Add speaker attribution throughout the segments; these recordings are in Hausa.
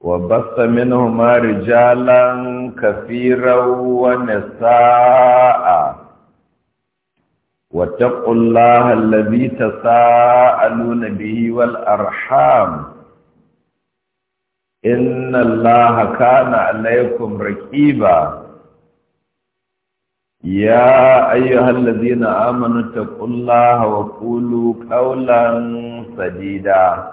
Speaker 1: وبث منهما رجالا كثيرا ونساء واتقوا الله الذي تساءلون به والأرحام إن الله كان عليكم ركيبا يا أيها الذين آمنوا اتقوا الله وقولوا قولا سديدا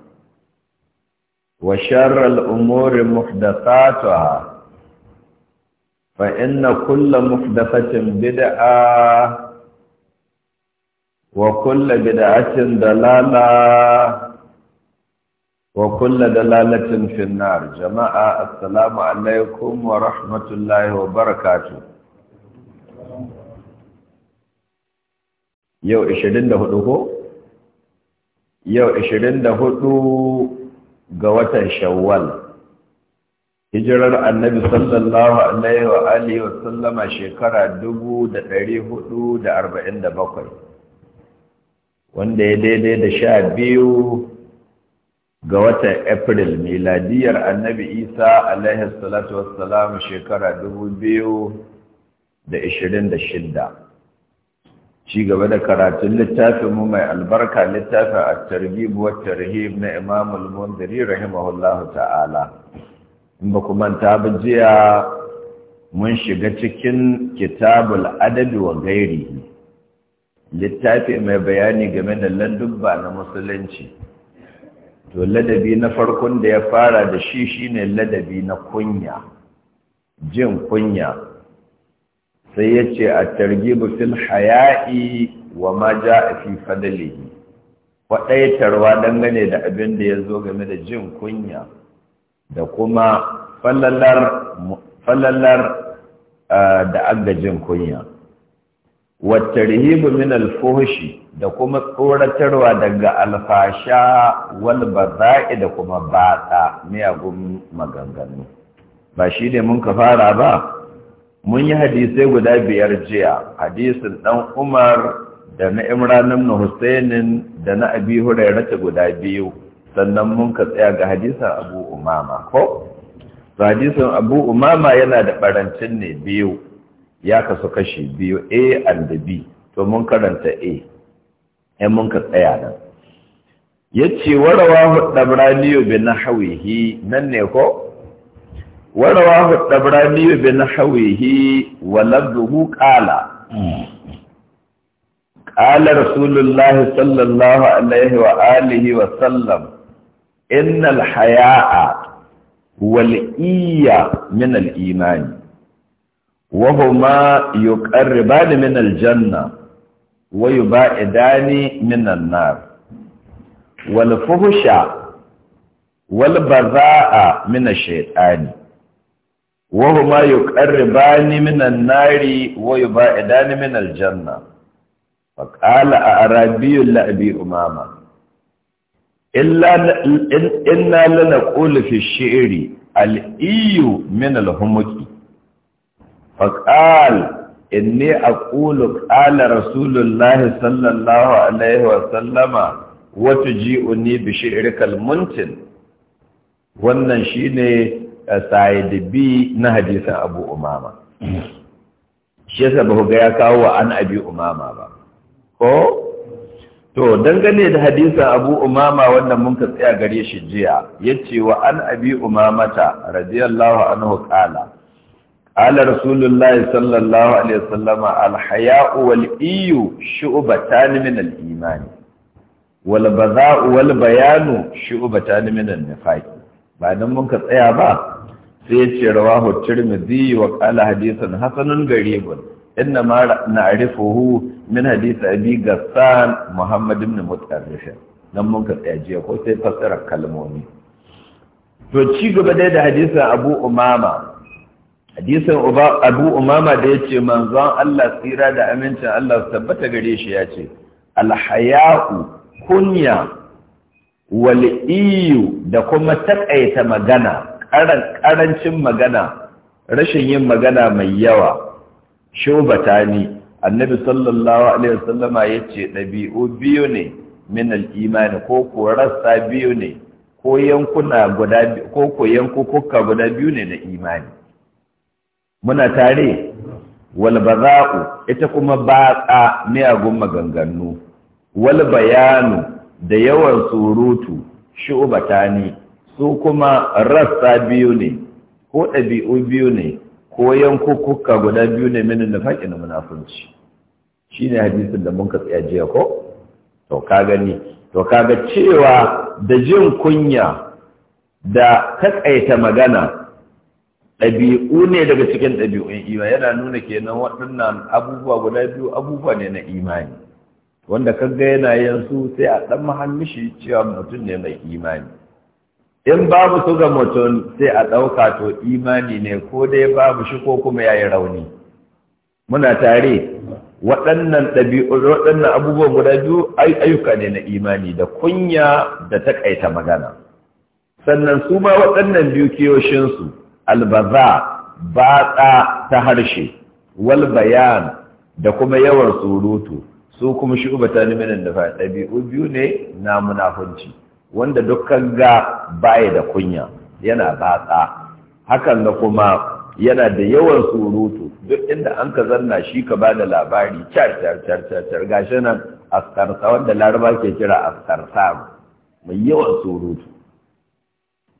Speaker 1: وشر الأمور محدثاتها فإن كل محدثة بدعة وكل بدعة دلالة وكل دلالة في النار جماعة السلام عليكم ورحمة الله وبركاته يو 24 يو 24 ga watan shawwal hijirar annabi sallallahu alaihi wa alihi wa sallama shekara 1447 wanda ya daidai da sha biyu ga watan april miladiyar annabi isa alaihi salatu wassalam shekara 2026 ci gaba da karatun littafin mu mai albarka littafin a targhib wa tarhib na Imamul al rahimahullah rahimahullahu ta'ala in ba ku manta ba jiya mun shiga cikin kitabul adabi wa gairihi littafi mai bayani game da ladubba na musulunci to ladabi na farkon da ya fara da shi shine ladabi na kunya jin kunya sai ya ce a targibu fil haya'i wa ma a fi fadlihi tarwa dangane da abin da ya zo game da jin kunya da kuma falalar da jin kunya tarhibu min alfuhshi da kuma tsoratarwa daga alfasha wal baza'i da kuma batsa miyagun maganganu ba shi ne mun ka fara ba mun yi hadisai guda biyar jiya hadisin dan umar da na imranin na husainin da na abi hurairah guda biyu sannan mun ka tsaya ga hadisin abu umama ko so hadisin abu umama yana da barancin ne biyu ya kasu kashi biyu a and b to mun karanta a in mun ka tsaya nan Ya ce warawa dabraniyo bin nahwihi nan ne ko warawahu ɗabrani wa bin hawihi wa lardu ƙala ƙala rasulullah sallallahu alaihi wa alihi wa sallam innal haya'a wal'iya iya min al imani wa huma yuqarribani min al janna wa yubaidani min an nar wal fuhsha a baza'a min ash wa ƙarri bani minan nari wa yuba'idani minal janna fa qala arabiyyun la abi umama illa inna lanaqulu fi shi'ri al-iyu min al-humuqi fa qala inni aqulu qala rasulullahi sallallahu alaihi wa sallama wannan shine sa'id bi na hadisin abu umama shi yasa ba ga ya kawo wa an abi umama ba ko to dangane da hadisin abu umama wannan mun ka tsaya gare shi jiya yace wa an abi umamata radiyallahu anhu qala qala rasulullahi sallallahu alaihi wasallama al-haya'u wal-iyu shu'batan min al-iman wal wal-bayanu shu'batan min an-nifaq ba don mun ka tsaya ba sai ya ce rawahu tirmidhi wa ƙala hadisan hasanun garibun inna ma hu min bi abi gassan Muhammadu ibn mutarrishin don mun ka tsaya jiya ko sai fasara kalmomi to ci gaba dai da hadisan abu umama Hadisan abu umama da yace manzon Allah tsira da amincin Allah tabbata gare shi ya ce alhaya'u kunya waliyu da kuma taƙaita magana ƙarancin magana rashin yin magana mai yawa shubata ni annabi sallallahu alaihi wasallama yace ɗabi'u biyu ne min al-imani ko ko rassa biyu ne ko yankuna guda ko guda biyu ne na imani muna tare wal baza'u ita kuma batsa miyagun maganganu wal bayanu da yawan surutu shubatani su kuma rassa biyu ne ko ɗabi'u biyu ne ko yankukuka guda biyu ne minin nufaƙi na munafunci shi ne hadisin da muka tsaya jiya ko? to ka gani to kaga cewa da jin kunya da kakaita magana ɗabi'u ne daga cikin ɗabi'un imani yana nuna kenan waɗannan abubuwa guda biyu abubuwa ne na imani wanda ka ga yana yansu sai a dan mahammishi cewa mutum ne mai imani in babu su ga mutum sai a ɗauka to imani ne ko dai babu shi ko kuma yayi rauni muna tare waɗannan ɗabi'un waɗannan abubuwan guda biyu ayyuka ne na imani da kunya da takaita magana sannan su ma waɗannan biyu kiyoshinsu albaza batsa ta harshe walbayan, da kuma yawan surutu su kuma nemi ne minan nifa ɗabi'u biyu ne na munafunci wanda dukkan ga baya da kunya yana batsa hakan na kuma yana da yawan surutu duk inda an ka zanna shi ka ba da labari car car car car car gashi nan askarsa wanda laraba ke kira askarsa mai yawan surutu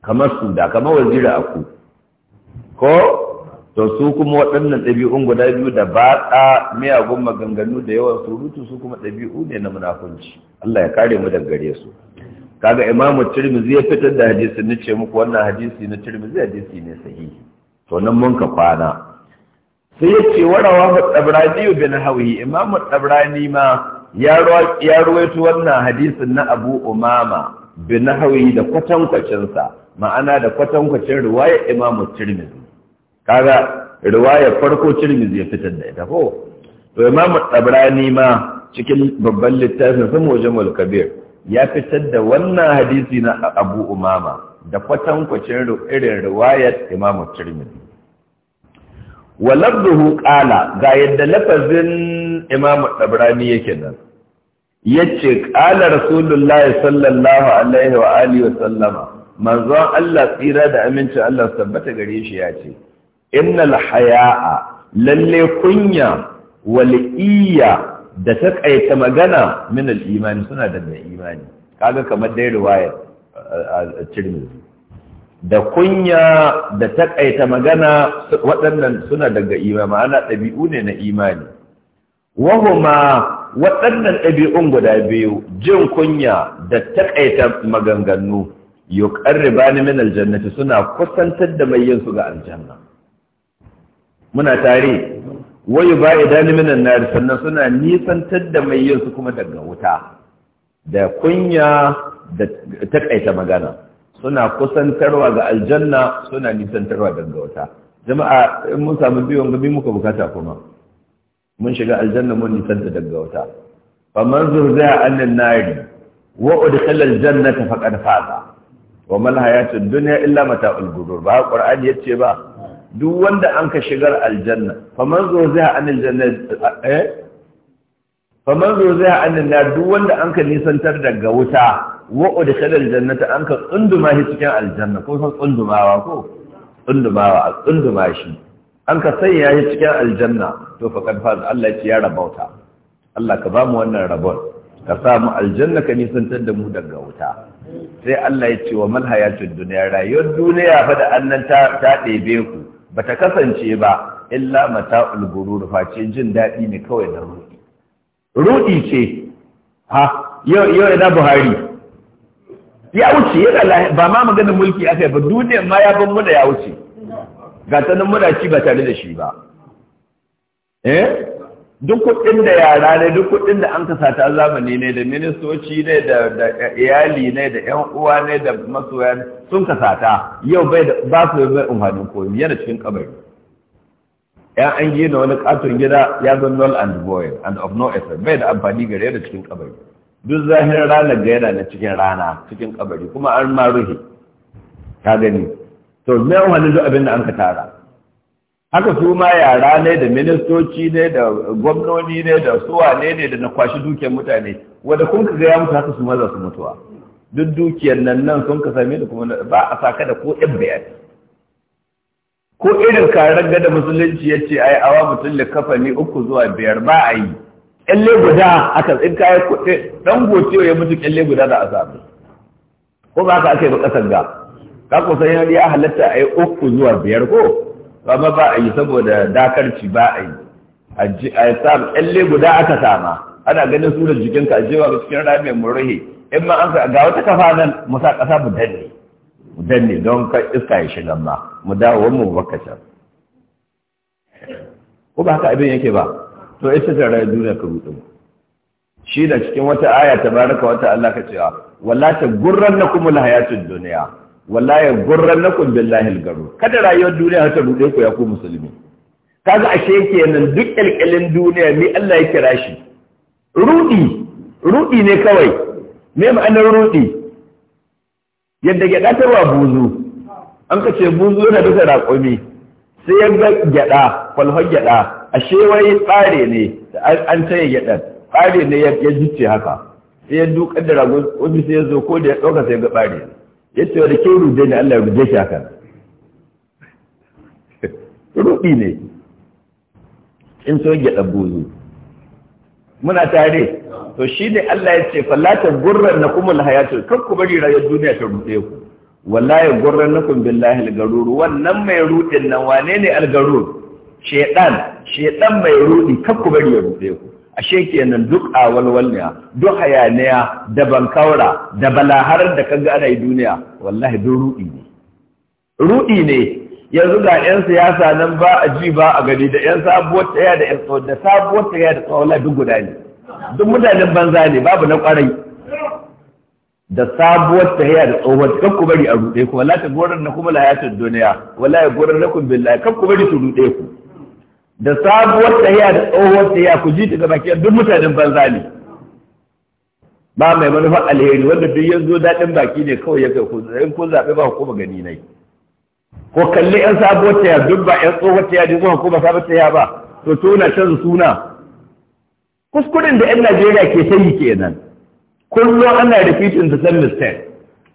Speaker 1: kamar su da kamar wazira aku ko to su kuma waɗannan ɗabi'un guda biyu da ba miyagun maganganu da yawan surutu su kuma ɗabi'u ne na munafunci Allah ya kare mu daga gare su kaga imamu tirmizi ya fitar da hadisi na ce muku wannan hadisi na tirmizi hadisi ne sahihi to nan mun ka kwana sai ya ce wa rawahu tabrani bin hawi imamu tabrani ma ya ya ruwaito wannan hadisin na Abu Umama bin hawi da kwatankwacinsa ma'ana da kwatankwacin riwayar imamu tirmizi kaga riwayar farko cirmi ya fitar da ita ko to imamu tabrani ma cikin babban littafin sun mujamul kabir ya fitar da wannan hadisi na abu umama da kwacin irin riwayar imamu tirmidhi wa labduhu qala ga yadda lafazin imamu tabrani yake nan yace qala rasulullahi sallallahu alaihi wa alihi wa sallama manzon Allah tsira da aminci Allah tabbata gare shi yace innal haya'a lalle kunya wal da ta kaita magana min imani suna daga imani kaga kamar dai riwaya Tirmidhi da kunya da ta kaita magana waɗannan suna daga imani ma'ana ɗabi'u ne na imani wahuma waɗannan ɗabi'un guda biyu jin kunya da ta kaita maganganu yuqarribani min aljannati, suna kusantar da mai yin su ga aljanna muna tare wayu ba idani minan nar sannan suna nisantar da mai yin su kuma daga wuta da kunya da takaita magana suna kusantarwa ga aljanna suna nisantarwa daga wuta jama'a in mun samu biyon gabi muka bukata kuma mun shiga aljanna mun nisanta daga wuta faman zurzaya annan nari wa udkhila aljannata faqad faza wa mal hayatud dunya illa mata'ul ghurur ba qur'ani yace ba duk wanda an ka shigar aljanna faman zo zai an aljanna eh faman zai an aljanna duk wanda an ka nisantar daga wuta wa udkhala aljannata an ka tsunduma shi cikin aljanna ko san tsundumawa ko tsundumawa tsunduma shi an ka sanya shi cikin aljanna to faqad faz Allah ya ci ya rabauta Allah ka ba mu wannan rabon ka samu aljanna ka nisantar da mu daga wuta sai Allah ya ce wa mal hayatud dunya rayuwar duniya fa da annan ta ta ɗebe ku bata kasance ba illa mata gurur face jin daɗi ne kawai da ruɗi ruɗi ce ha yau yau ina Buhari ya wuce yana ba ma maganin mulki aka yi ba duniyar ma ya bin muna ya wuce ga tanin muda ci ba tare da shi ba eh duk kuɗin da yara ne duk kuɗin da an kasata zamani ne da ministoci ne da iyali ne da yan uwa ne da masoya sun kasata yau bai da ba su bai umarnin koyi yana cikin kabari Yan an gina wani katon gida ya zo null and void and of no effect bai da amfani gare da cikin kabari duk zahirin ranar ga yana na cikin rana cikin kabari kuma an ma ruhi ka gani to me umarnin duk abin da an ka tara haka su ma yara ne da ministoci ne da gwamnoni ne da suwa ne ne da na kwashi dukiyar mutane wadda kun ka gaya musu haka su maza su mutuwa duk dukiyar nan nan sun ka same da kuma ba a saka da ko ɗin bayani ko irin karar gada musulunci ya ce ai awa mutum da kafani uku zuwa biyar ba a yi ƙyalle guda aka tsin yi kuɗi ɗan goce ya mutu ƙyalle guda da a samu ko ba ka ake ba ƙasar ga ka kusa yana ya halatta a yi uku zuwa biyar ko ba ba a yi saboda dakarci ba a yi a yi samu ɗalle guda aka sama ana ganin surar jikinka a jewa cikin rami mu rahe in ma an ga wata kafa nan mu sa ƙasa mu danne mu danne don ka iska ya shiga ma mu dawo mu baka can ko ba haka abin yake ba to ita ta rayu duniya ka rudu shi da cikin wata aya tabaraka wata Allah ka cewa gurran gurrannakumul hayatud dunya wallahi kun billahi al-garur kada rayuwar duniya ta bude ku ya ku musulmi kaga ashe kenan duk kalkalin duniya mai Allah ya kira shi rudi rudi ne kawai me ma'anar rudi yadda gyada ta wa buzu an ka buzu yana duka raƙumi sai ya ga gyada kwalhon gyada ashe wai tsare ne an taya gyadan tsare ne ya jice haka sai ya dukar da rago wani sai ya zo ko da ya ɗauka sai ga tsare ne ya ce wani ke ruje ne Allah ya ruje shi haka ruɗi ne in so gyaɗa buzu muna tare to shi ne Allah ya ce fallata gurran na kuma lahayatu kan ku bari rayuwar duniya ta ruɗe ku wallahi gurran na kun billahi algarur wannan mai ruɗin nan wane ne algarur shedan shedan mai ruɗi kan ku bari ya ruɗe ku ashe kenan duk a walwalniya duk hayaniya da bankaura da balaharar da kaga ana yi duniya wallahi duk ruɗi ne ruɗi ne yanzu ga 'yan siyasa nan ba a ji ba a gani da 'yan sabuwar yaya da 'yan da sabuwar yaya da tsawon lafi guda ne duk mutanen banza ne babu na kwarai da sabuwar ta yaya da tsohon kan ku bari a ruɗe ku wala ta gorar na kuma lahayatar duniya wala ya gorar na kun billahi kan ku bari su ruɗe ku da sabuwar tahiya da tsohuwar tahiya ku ji ta gaba ke duk mutanen banza ne ba mai manufa alheri wanda duk yanzu daɗin baki ne kawai ya kai kun in kun zaɓe ba hukuma gani nai ko kalli yan sabuwar tahiya duk ba yan tsohuwar tahiya da zuwa hukuma sabuwar tahiya ba to tona canza suna kuskuren da yan najeriya ke sayi kenan kullum ana fitin da san mistake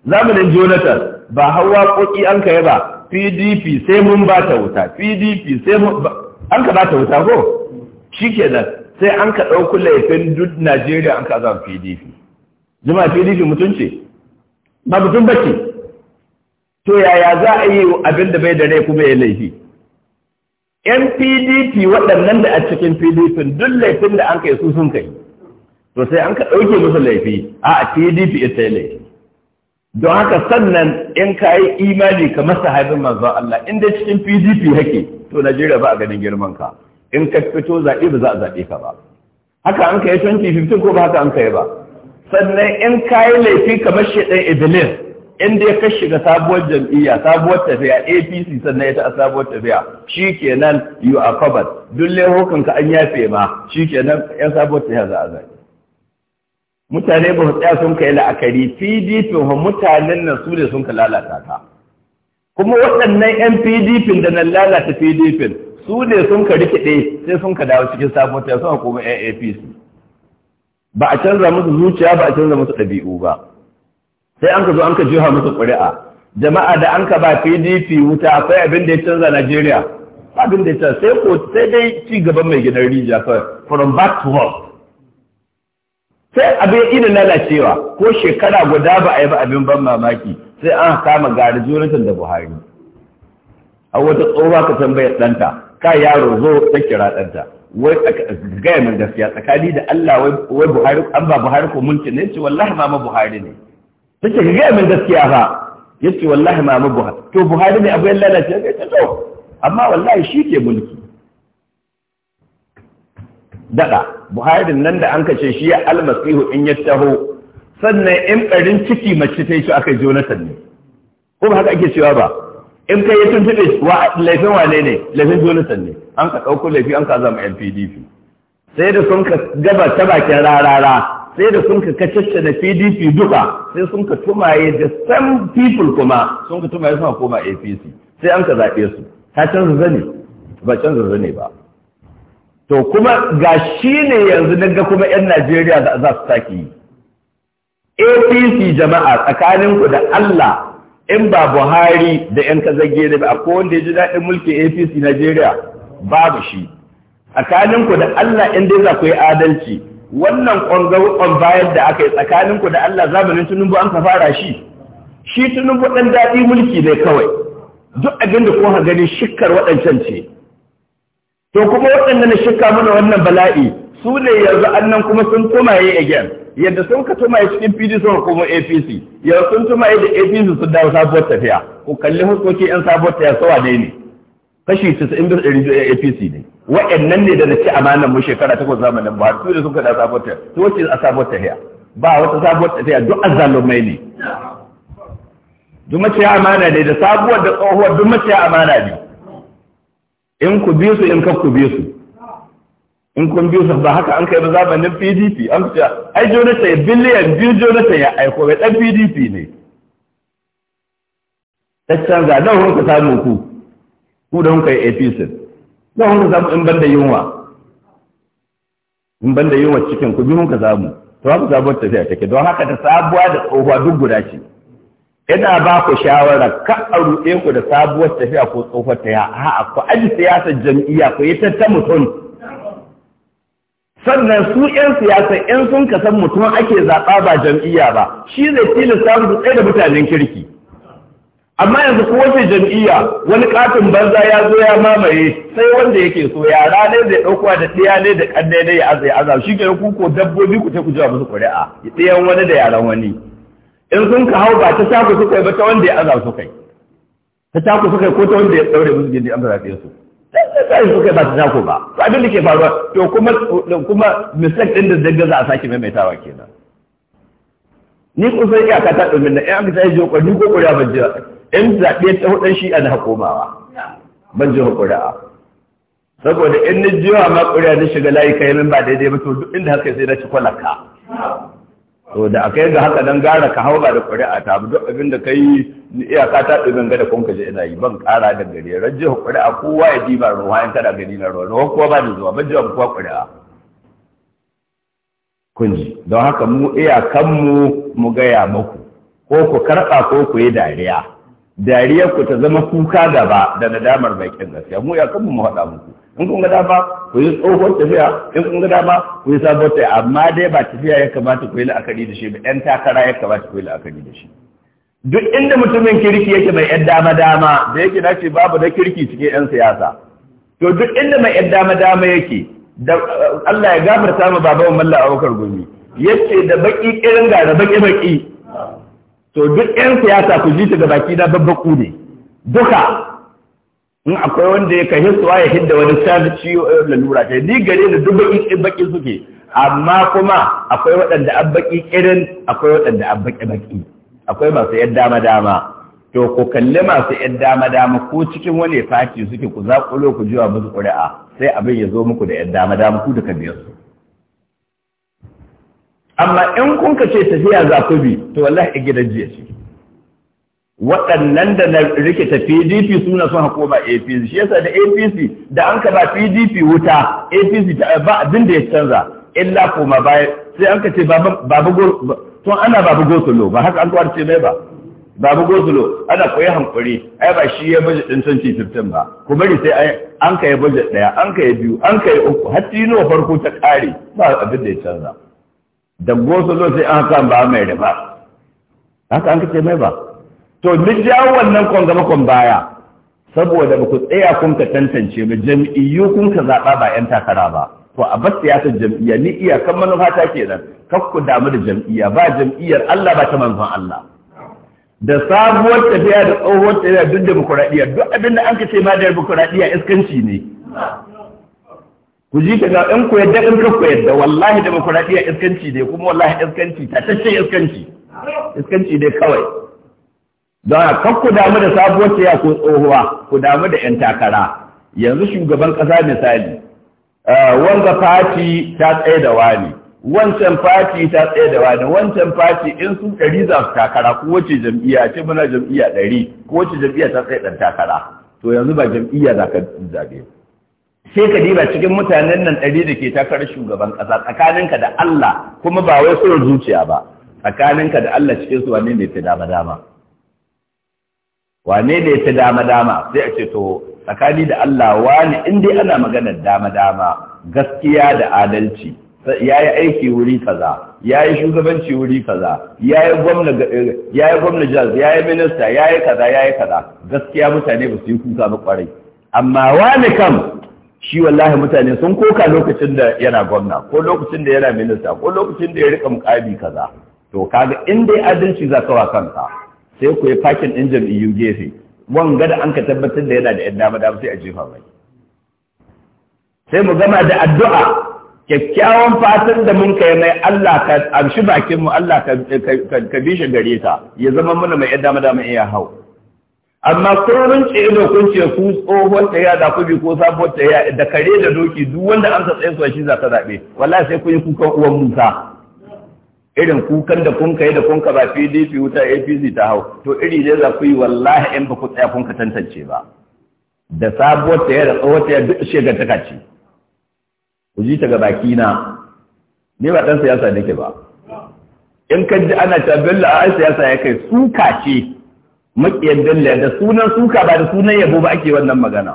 Speaker 1: zamanin jonathan ba hawa koki an kai ba pdp sai mun ba ta wuta pdp sai mun an ka bata wuta ko nan. sai an ka ɗauku laifin duk Najeriya an ka azaba PDP jama'a PDP mutunci ba mutum ba ce. to yaya za a yi abin da bai da rai kuma ya laifi yan PDP waɗannan da a cikin PDP duk laifin da an kai su sun kai to sai an ka ɗauke musu laifi a PDP ita laifi don haka sannan in ka yi imani kamar haifin manzon Allah inda cikin PDP hake to Najeriya ba a ganin girman ka in ka fito zaɓe ba za a zaɓe ka ba haka an kai 2015 ko ba haka an kai ba sannan in ka yi laifi kamar shedan Iblis in dai ka shiga sabuwar jam'iyya sabuwar tafiya APC sannan ya a sabuwar tafiya shikenan you are covered duk laifukan an yafe ma shikenan yan sabuwar tafiya za a zaɓe mutane ba su tsaya sun kai la'akari pdp ba mutanen nan su ne sun ka lalata ta kuma waɗannan yan pdp da nan lalata pdp su ne sun ka rikide sai sun ka dawo cikin sabon ta sun kuma yan apc ba a canza musu zuciya ba a canza musu ɗabi'u ba sai an ka zo an ka jiha musu ƙuri'a jama'a da an ka ba pdp wuta akwai abin da ya canza najeriya abin da ya canza sai ko sai dai ci gaban mai gidan rijiya kawai from back to work sai abin ina lalacewa ko shekara guda ba a yi ba abin ban mamaki sai an kama gari jonathan da buhari a wata tsoba ka tambayar ɗanta ka yaro zo ta kira ɗanta wai gaya min gaskiya tsakani da allah wai buhari an ba buhari ko mulki ne ce wallahi mama buhari ne ta ce gaya min gaskiya fa ya ce wallahi mama buhari to buhari ne abin lalacewa ya ce to amma wallahi shi ke mulki daɗa Buhari nan da an kace shi ya almasihu in ya taho sannan in ɓarin ciki mace ta yi shi aka yi jonathan ne ko ba haka ake cewa ba in kai ya tuntuɓe wa laifin wane ne laifin jonathan ne an ka ɗauko laifi an ka zama lpdp sai da sun ka gaba ta bakin rarara sai da sun ka kacce da pdp duka sai sun ka tumaye da some people kuma sun ka tumaye suna koma apc sai an ka zaɓe su ta canza zane ba canza zane ba to kuma ga shi ne yanzu daga kuma 'yan Najeriya za su sake yi. APC jama'a tsakaninku da Allah in ba Buhari da 'yan kazage da ba akwai wanda ya ji daɗin mulkin APC Najeriya babu shi. Tsakaninku da Allah in dai za ku yi adalci wannan ƙwangon bayar da aka yi tsakaninku da Allah zamanin tunubu an ka fara shi. Shi tunubu ɗan daɗi mulki ne kawai. Duk abin da kuma gani shikar waɗancan ce. to kuma waɗanda na shirka mana wannan bala'i su ne yanzu annan kuma sun tumaye again yadda sun ka tumaye cikin PD sun kuma APC yanzu sun tumaye da APC sun dawo sabuwar tafiya ku kalli hukoki yan sabuwar tafiya sawa dai ne kashi 90 ɗari APC ne waɗannan ne da na ci amanan mu shekara takwas zamanin ba su ne sun dawo sabuwar tafiya su wace a sabuwar tafiya ba wata sabuwar tafiya duk azalumai ne duk maciya amana ne da sabuwar da tsohuwar duk maciya amana ne in ku bi su in kaf ku bi su in kun bi su ba haka an kai ba zamanin PDP an ce ai Jonathan biliyan biyu Jonathan ya aiko bai dan PDP ne ta canza nan wani ka samu ku ku da hun kai APC nan wani ka samu in banda yunwa in banda yunwa cikin ku bi ka samu to haka sabuwar tafiya take don haka ta sabuwa da tsohuwa duk guda ce ina ba ku shawara ka a ruɗe ku da sabuwar tafiya ko ta ya a ku aji siyasar jam'iyya ku yi ta mutum sannan su 'yan siyasa in sun kasan mutum ake zaɓa ba jam'iyya ba shi zai samu su tsaye da mutanen kirki amma yanzu ko wace jam'iyya wani katin banza ya zo ya mamaye sai wanda yake so yara ne zai ɗaukowa da ɗaya ne da ƙannai ne ya aza shi ke ko dabbobi ku ta ku jiwa musu ƙuri'a ɗayan wani da yaran wani in sun ka hau ba ta taku suka yi ba ta wanda ya aza su kai ta taku suka yi ko ta wanda ya daure musu gindi an zarafe su sai suka yi ba ta taku ba to abin da ke faruwa to kuma kuma mistake din da zai za a sake maimaitawa kenan ni kun san iyaka ta domin na in aka sai ji ko ko kuriya ban ji in zaɓe ta hudan shi ana hukumawa ban ji kuriya saboda in ni jiwa ma kuriya ni shiga layi kai min ba daidai ba to duk inda haka sai na ci kwalaka to da aka yi ga haka don gara ka ba da ƙuri'a ta duk abin da ka yi iyaka ta ɗi ganga da kun je ina yi ban ƙara da gare rajje ƙuri'a kowa ya diba ruwa in kada gari na ruwa ruwa kowa ba da zuwa ban jiha kowa ƙuri'a kun ji don haka mu iya kanmu mu gaya muku ko ku karɓa ko ku yi dariya dariyar ku ta zama kuka gaba da nadamar bakin gaskiya mu ya kanmu mu haɗa muku in kun ga dama ku yi tsohon tafiya in kun ga dama ku yi sabon tafiya amma dai ba tafiya ya kamata ku yi la'akari da shi ba yan takara ya kamata ku yi la'akari da shi duk inda mutumin kirki yake mai yan dama dama da yake dace babu na kirki cikin yan siyasa to duk inda mai yan dama dama yake da Allah ya gafarta mu baban mallan Abubakar Gumi yace da baki irin ga da baki baki to duk 'yan siyasa ku ji ta da baki na babbaku ne duka in akwai wanda ya kai hisuwa ya hidda wani sabi ciwo eh, lalura ta ni gare da duk baki eh, baki suke amma kuma akwai waɗanda an baki irin akwai waɗanda an baki baki akwai masu yan dama dama to ku kalli masu yan dama dama ko cikin wani fati suke ku zaƙulo ku jiwa musu ƙuri'a sai abin ya zo muku da yan dama dama ku biyar su. amma in kun ka ce tafiya za ku bi to wallahi a gidan jiya ce waɗannan da na rike ta PDP suna sun hako ba APC shi yasa da APC da an ka ba PDP wuta APC ta ba abin da ya canza illa koma baya sai an ka ce babu tun ana babu gosulo ba haka an kawar ce mai ba babu gosulo ana koyi hankuri ai ba shi ya budget din 2015 ba ku bari sai an ka yi budget daya an ka yi biyu an ka yi uku har tino farko ta kare ba abin da ya canza da gosu zo sai an kan ba mai riba haka an kace mai ba to duk jawo wannan kon gaba kon baya saboda ba ku tsaya kun ka tantance ba jam'iyyu kun ka zaɓa ba 'yan takara ba to a bar siyasar jam'iyya ni iyakan manufa ta kenan kar ku damu da jam'iyya ba jam'iyyar Allah ba ta manzon Allah da sabuwar tafiya da tsohuwar tafiya duk da bukuraɗiya duk abin da an ka ce ma da bukuraɗiya iskanci ne ku ji ka ga in ku yadda in ka ku yadda wallahi demokuraɗiyya iskanci ne kuma wallahi iskanci ta tashe iskanci iskanci ne kawai don kan ku damu da sabuwar ciya ko tsohuwa ku damu da 'yan takara yanzu shugaban ƙasa misali eh, wanda fati ta tsaye da wani wancan fati ta tsaye da wani wancan fati in sun ɗari za su takara ko wace jam'iyya ce muna jam'iyya ɗari ko wace jam'iyya ta tsaye ɗan takara to yanzu ba jam'iyya za ka zaɓe sai ka diba cikin mutanen nan ɗari da ke takar shugaban ƙasa tsakaninka da Allah kuma ba wai son zuciya ba tsakaninka da Allah cikin su wane ne ta dama dama wane ne ta dama dama sai a ce to tsakani da Allah wani in dai ana maganar dama dama gaskiya da adalci ya yi aiki wuri kaza ya yi shugabanci wuri kaza ya yi gwamna jaz ya yi minista ya yi kaza ya yi kaza gaskiya mutane ba su yi kuka ba kwarai amma wani kam shi wallahi mutane sun koka lokacin da yana gwamna ko lokacin da yana minista ko lokacin da ya rika mukabi kaza to kaga in dai adalci za ka wa kanka sai ku yi fakin ɗin jam'iyyu gefe wan da an ka tabbatar da yana da yan dama da sai a jefa mai sai mu gama da addu'a kyakkyawan fatan da mun kai mai Allah ka amshi bakin mu Allah ka ka bi ya zama mana mai yan dama mu iya hau amma kurorin ce ido kun ce ku tsohon ta ya da kubi ko sabuwar ta ya da kare da doki duk wanda an tsaye su shi za ta zaɓe wallahi sai kun yi kukan uwan musa irin kukan da kun kai da kun ka ba PDP wuta APC ta hau to iri dai za ku yi wallahi in ba ku tsaya kun ka tantance ba da sabuwar ta ya da tsohon ta ya duk ga ta ce ku ji ta ga baki na ni ba dan siyasa nake ba in ka ji ana ta billa a siyasa ya kai suka ce maƙiyar dalla da sunan suka ba da sunan yabo ba ake wannan magana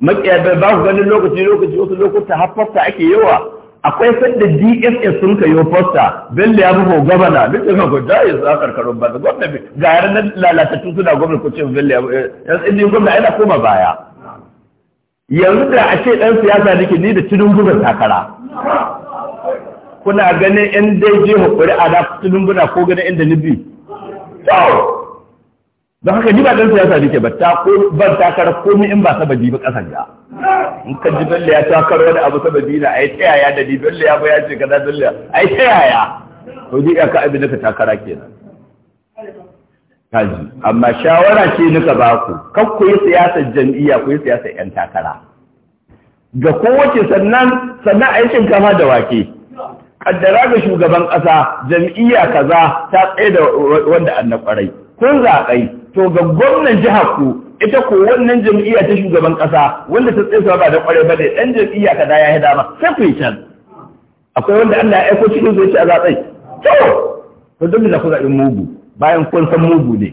Speaker 1: maƙiyar dalla ba ku ganin lokaci lokaci wasu lokuta har fasta ake yawa akwai sanda dss sun ka yi fosta bello ya bugu gwamna duk da ku da ya sa karkarun ba gwamna ga lalata lalatattu suna gwamna ku ce bello ya bugu eh, in gwamna ina koma baya yanzu da a ce dan siyasa nake ni da tunun bugun takara kuna ganin in dai je hukuri a da tunun guna ko ganin inda ni to don haka ni ba dan siyasa nake ba ta ko ban takara komai in ba saba ba kasar ya in ka ji bello ya takara wani abu sababi na ai ta yaya da ni dole ya ba ya ce kaza dole ai ta yaya to ji ka abin da ka takara kenan kaji amma shawara ce nika ba ku kan ku yi siyasar jam'iyya ku yi siyasar yan takara ga kowace sannan sannan a yi shinkafa da wake kaddara ga shugaban ƙasa jam'iyya kaza ta tsaye da wanda an na kwarai kun zaɓai to ga gwamnan jihar ku ita ko wannan jam'iyya ta shugaban kasa wanda ta tsaye ba da kware ba da dan jam'iyya kaza ya hada ba sai ku can akwai wanda Allah ya aiko cikin zuci a zatsai to to dole da ku in mugu bayan kun san mugu ne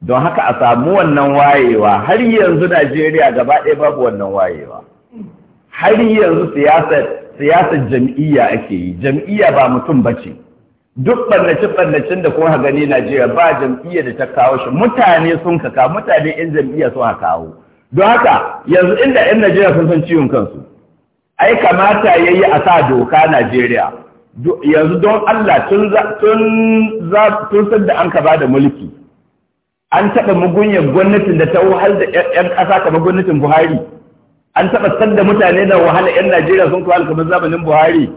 Speaker 1: don haka a samu wannan wayewa har yanzu Najeriya gaba ɗaya babu wannan wayewa har yanzu siyasar siyasar jam'iyya ake yi jam'iyya ba mutum bace duk ɓallace-ɓallacen da kuma gani Najeriya ba jam'iyya da ta kawo shi mutane sun kaka, mutane in jam'iyya sun ka kawo don haka yanzu inda 'yan Najeriya sun san ciwon kansu ai kamata ya yi a sa doka Najeriya yanzu don Allah tun san da an ka ba da mulki an taɓa mugunyar gwamnatin da ta wahal da 'yan ƙasa kamar gwamnatin Buhari an taɓa san da mutane da wahala 'yan Najeriya sun kawo kamar zamanin Buhari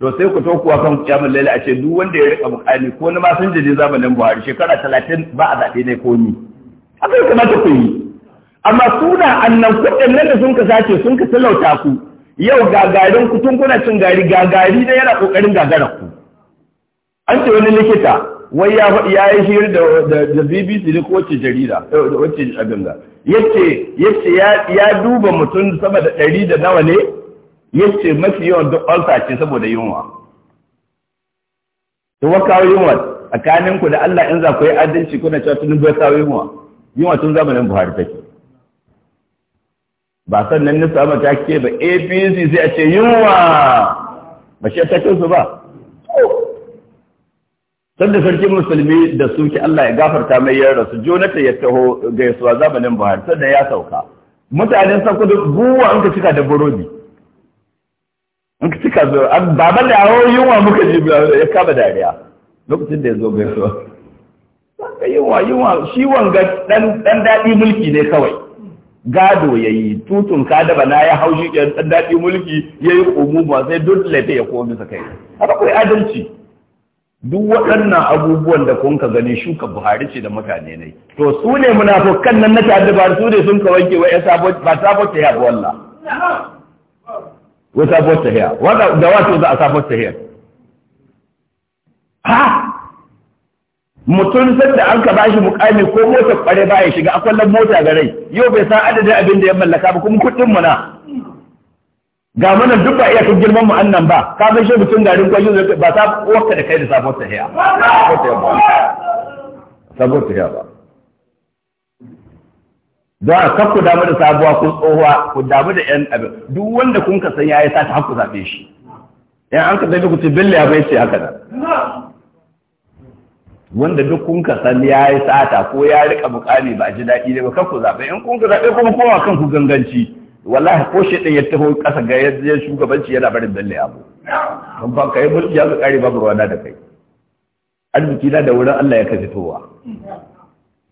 Speaker 1: to sai ku tokuwa kan kiyamun laila a ce duk wanda ya rika mukami ko na masun jini zamanin buhari shekara talatin ba a zaɓe ne ko ni haka ya kamata ku yi amma suna annan kuɗin nan da sun ka sace sun ka talauta ku yau gagarin ku tun kuna cin gari gagari ne yana ƙoƙarin gagarar ku an ce wani likita wai ya ya yi shirin da da BBC ne ko wacce jarida eh, wacce abin da yace yace ya duba mutum sama da ɗari da nawa ne yace mafi yawan duk ulcer ce saboda yunwa to wa kawo yunwa tsakanin ku da Allah in za ku yi adalci kuna cewa tun ba kawo yunwa yunwa tun zamanin Buhari take ba sannan nisa ta ke ba APC sai a ce yunwa ba shi ta kinsu ba sanda sarkin musulmi da suke Allah ya gafarta mai yarda su jonata ya taho gaisuwa zamanin Buhari sanda ya sauka mutanen sa kudu buwa an ka cika da burodi in ka cika zo baba da hawo yunwa muka ji ya kama dariya lokacin da ya zo gaisuwa ka yunwa yunwa shi wanga dan daɗi mulki ne kawai gado ya yi tutun ka daba na ya haushi ke dan daɗi mulki ya yi umuma sai duk laifi ya komi sa kai haka kai adalci duk waɗannan abubuwan da kun ka gani shuka buhari ce da mutane ne to su ne munafukan nan na ta da su ne sun ka wanke wa ya sabo ba sabo ta ya wallah wai sabuwar tahiya da wato za a sabuwar tahiya ha mutum sai an ka bashi mukami ko mota kware ba ya shiga akwai mota ga rai yau bai san adadin abin da ya mallaka ba kuma kudin mu na ga mana duk ba iya kan girman mu annan ba ka san shi mutum garin kwaji ba ta wakka da kai da sabuwar tahiya sabon tahiya ba don a ku damu da sabuwa ko tsohuwa ku damu da yan abin duk wanda kun ka san yayi sata haku zaɓe shi yan an ka zaɓe ku ce billa ya bai ce haka da wanda duk kun ka san yayi sata ko ya rika mukami ba a ji daɗi ne ba ku zaɓe in kun ka zaɓe kuma kowa kan ku ganganci wallahi ko shi ɗin ya taho ƙasa ga ya shugabanci yana barin billa abu don ba ka yi mulki ya ka ƙare babu ruwa da kai arziki na da wurin Allah ya ka fitowa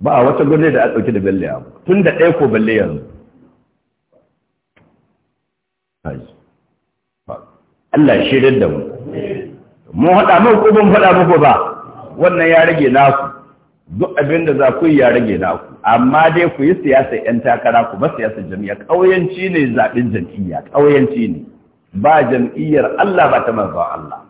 Speaker 1: ba a wata gwamnati da a ɗauki da belle ya tun da ɗaya ko belle yanzu Allah shirin da mu mun haɗa mu ko ban faɗa muku ba wannan ya rage naku duk abin da za ku yi ya rage naku amma dai ku yi siyasa 'yan takara ku ba siyasa jami'a ƙauyanci ne zaɓin jam'iyya ƙauyanci ne ba jam'iyyar Allah ba ta manzo Allah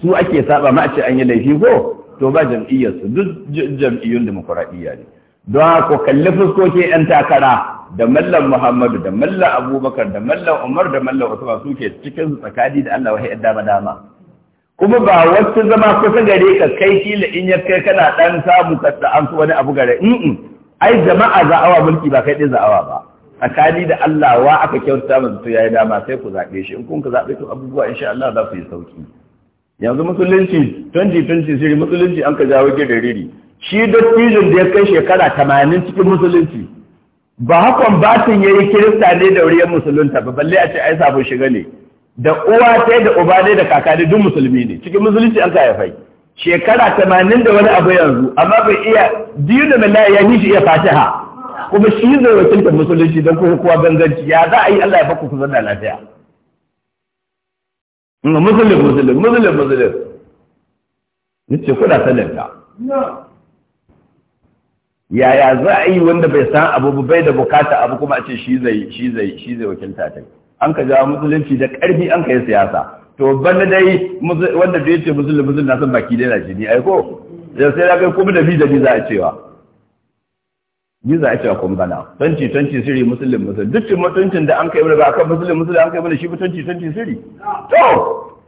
Speaker 1: su ake saba ma a ce an yi laifi ko to ba jam'iyyarsu duk jam'iyyun demokuraɗiyya ne don haka kalli fuskokin 'yan takara da mallam muhammadu da mallam abubakar da mallam umar da mallam usman suke cikin tsakani da allah wahai dama dama kuma ba wasu zama kusa gare ka kai kila in ya kai kana dan samu ka an su wani abu gare in ai jama'a za'awa mulki ba kai ɗin za'awa ba tsakani da allah wa aka kyauta masu to yayi dama sai ku zaɓe shi in kun ka zaɓe to abubuwa insha allah za su yi sauki yanzu musulunci 2020 shiri musulunci an ka jawo ke riri shi dattijin da ya kai shekara tamanin cikin musulunci ba hakan batin ya yi kirista ne da wuriyar musulunta ba balle a ce ai sabon shiga ne da uwa ta da uba ne da kaka ne duk musulmi ne cikin musulunci an ka haifai shekara tamanin da wani abu yanzu amma bai iya biyu da mallaya ya nishi iya fatiha kuma shi zai wakilta musulunci don kuma kowa ganganci ya za a yi allah ya baku ku zanna lafiya musulun musulun musulun musulun yace kuna saninta yaya za a yi wanda bai san abu bai da bukata abu kuma a ce shi zai shi zai shi zai wakilta ta an ka jawo musulunci da karfi an ka yi siyasa to banda dai wanda bai ce musulun musulun na san baki dai na shi ni ai ko sai da kai kuma da bi da bi za a cewa yi za a ce kun bana tanci tanci siri musulun musulun duk mutuncin da an kai mana ba a kan musulun musulun an kai mana shi ba tanci siri to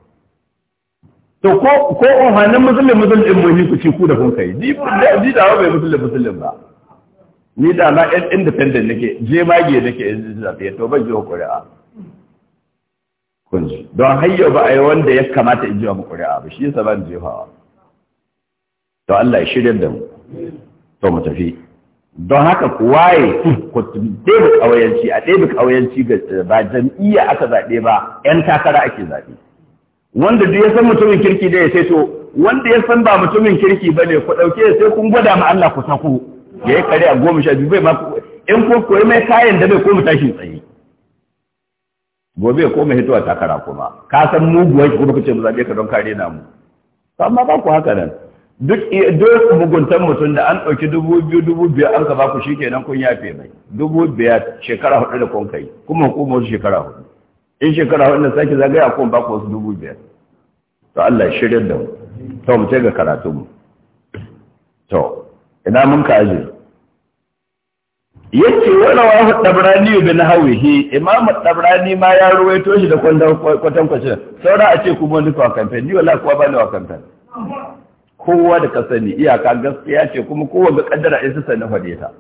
Speaker 1: to ko ko unhannin musulun musulun din mun ku ci ku da kun kai ni da ji bai musulun musulun ba ni da na independent nake je mage nake zabe to ban ji kuri'a kun ji don hayyo ba a yi wanda ya kamata in ji wa kuri'a ba shi yasa ban jefawa to Allah ya shirya da mu to mu tafi don haka kuwaye, ku ɗebe ƙauyanci a ɗebe ƙauyanci ba jam'iyya aka zaɓe ba 'yan takara ake zaɓe wanda duk ya san mutumin kirki da ya sai to wanda ya san ba mutumin kirki ba ne ku ɗauke sai kun gwada ma Allah ku sako ya yi kare a goma sha biyu bai ma in koyi mai kayan da bai koma tashi tsaye gobe ko mai hitowa takara kuma ka san muguwa ki kuma kace mu zaɓe ka don kare namu. mu amma ba ku haka nan duk duk muguntan mutum da an ɗauki dubu biyu dubu biyu an ka baku shi kenan kun yafe mai dubu biyar shekara hudu da kun kai kuma hukumar shekara hudu in shekara hudu da sake zagaya kun baku wasu dubu biyar to Allah ya shirya da mu to mu ga karatu mu to ina mun ka aje yace wala wa hu na bin hawihi imam tabrani ma ya ruwaito shi da kwatan kwacin saura a ce kuma wani kwakamfe ni wala kuwa ba ni kwakamfe kowa da ka sani iyaka gaskiya ce kuma kowa ga kaddara ya su sani faɗe ta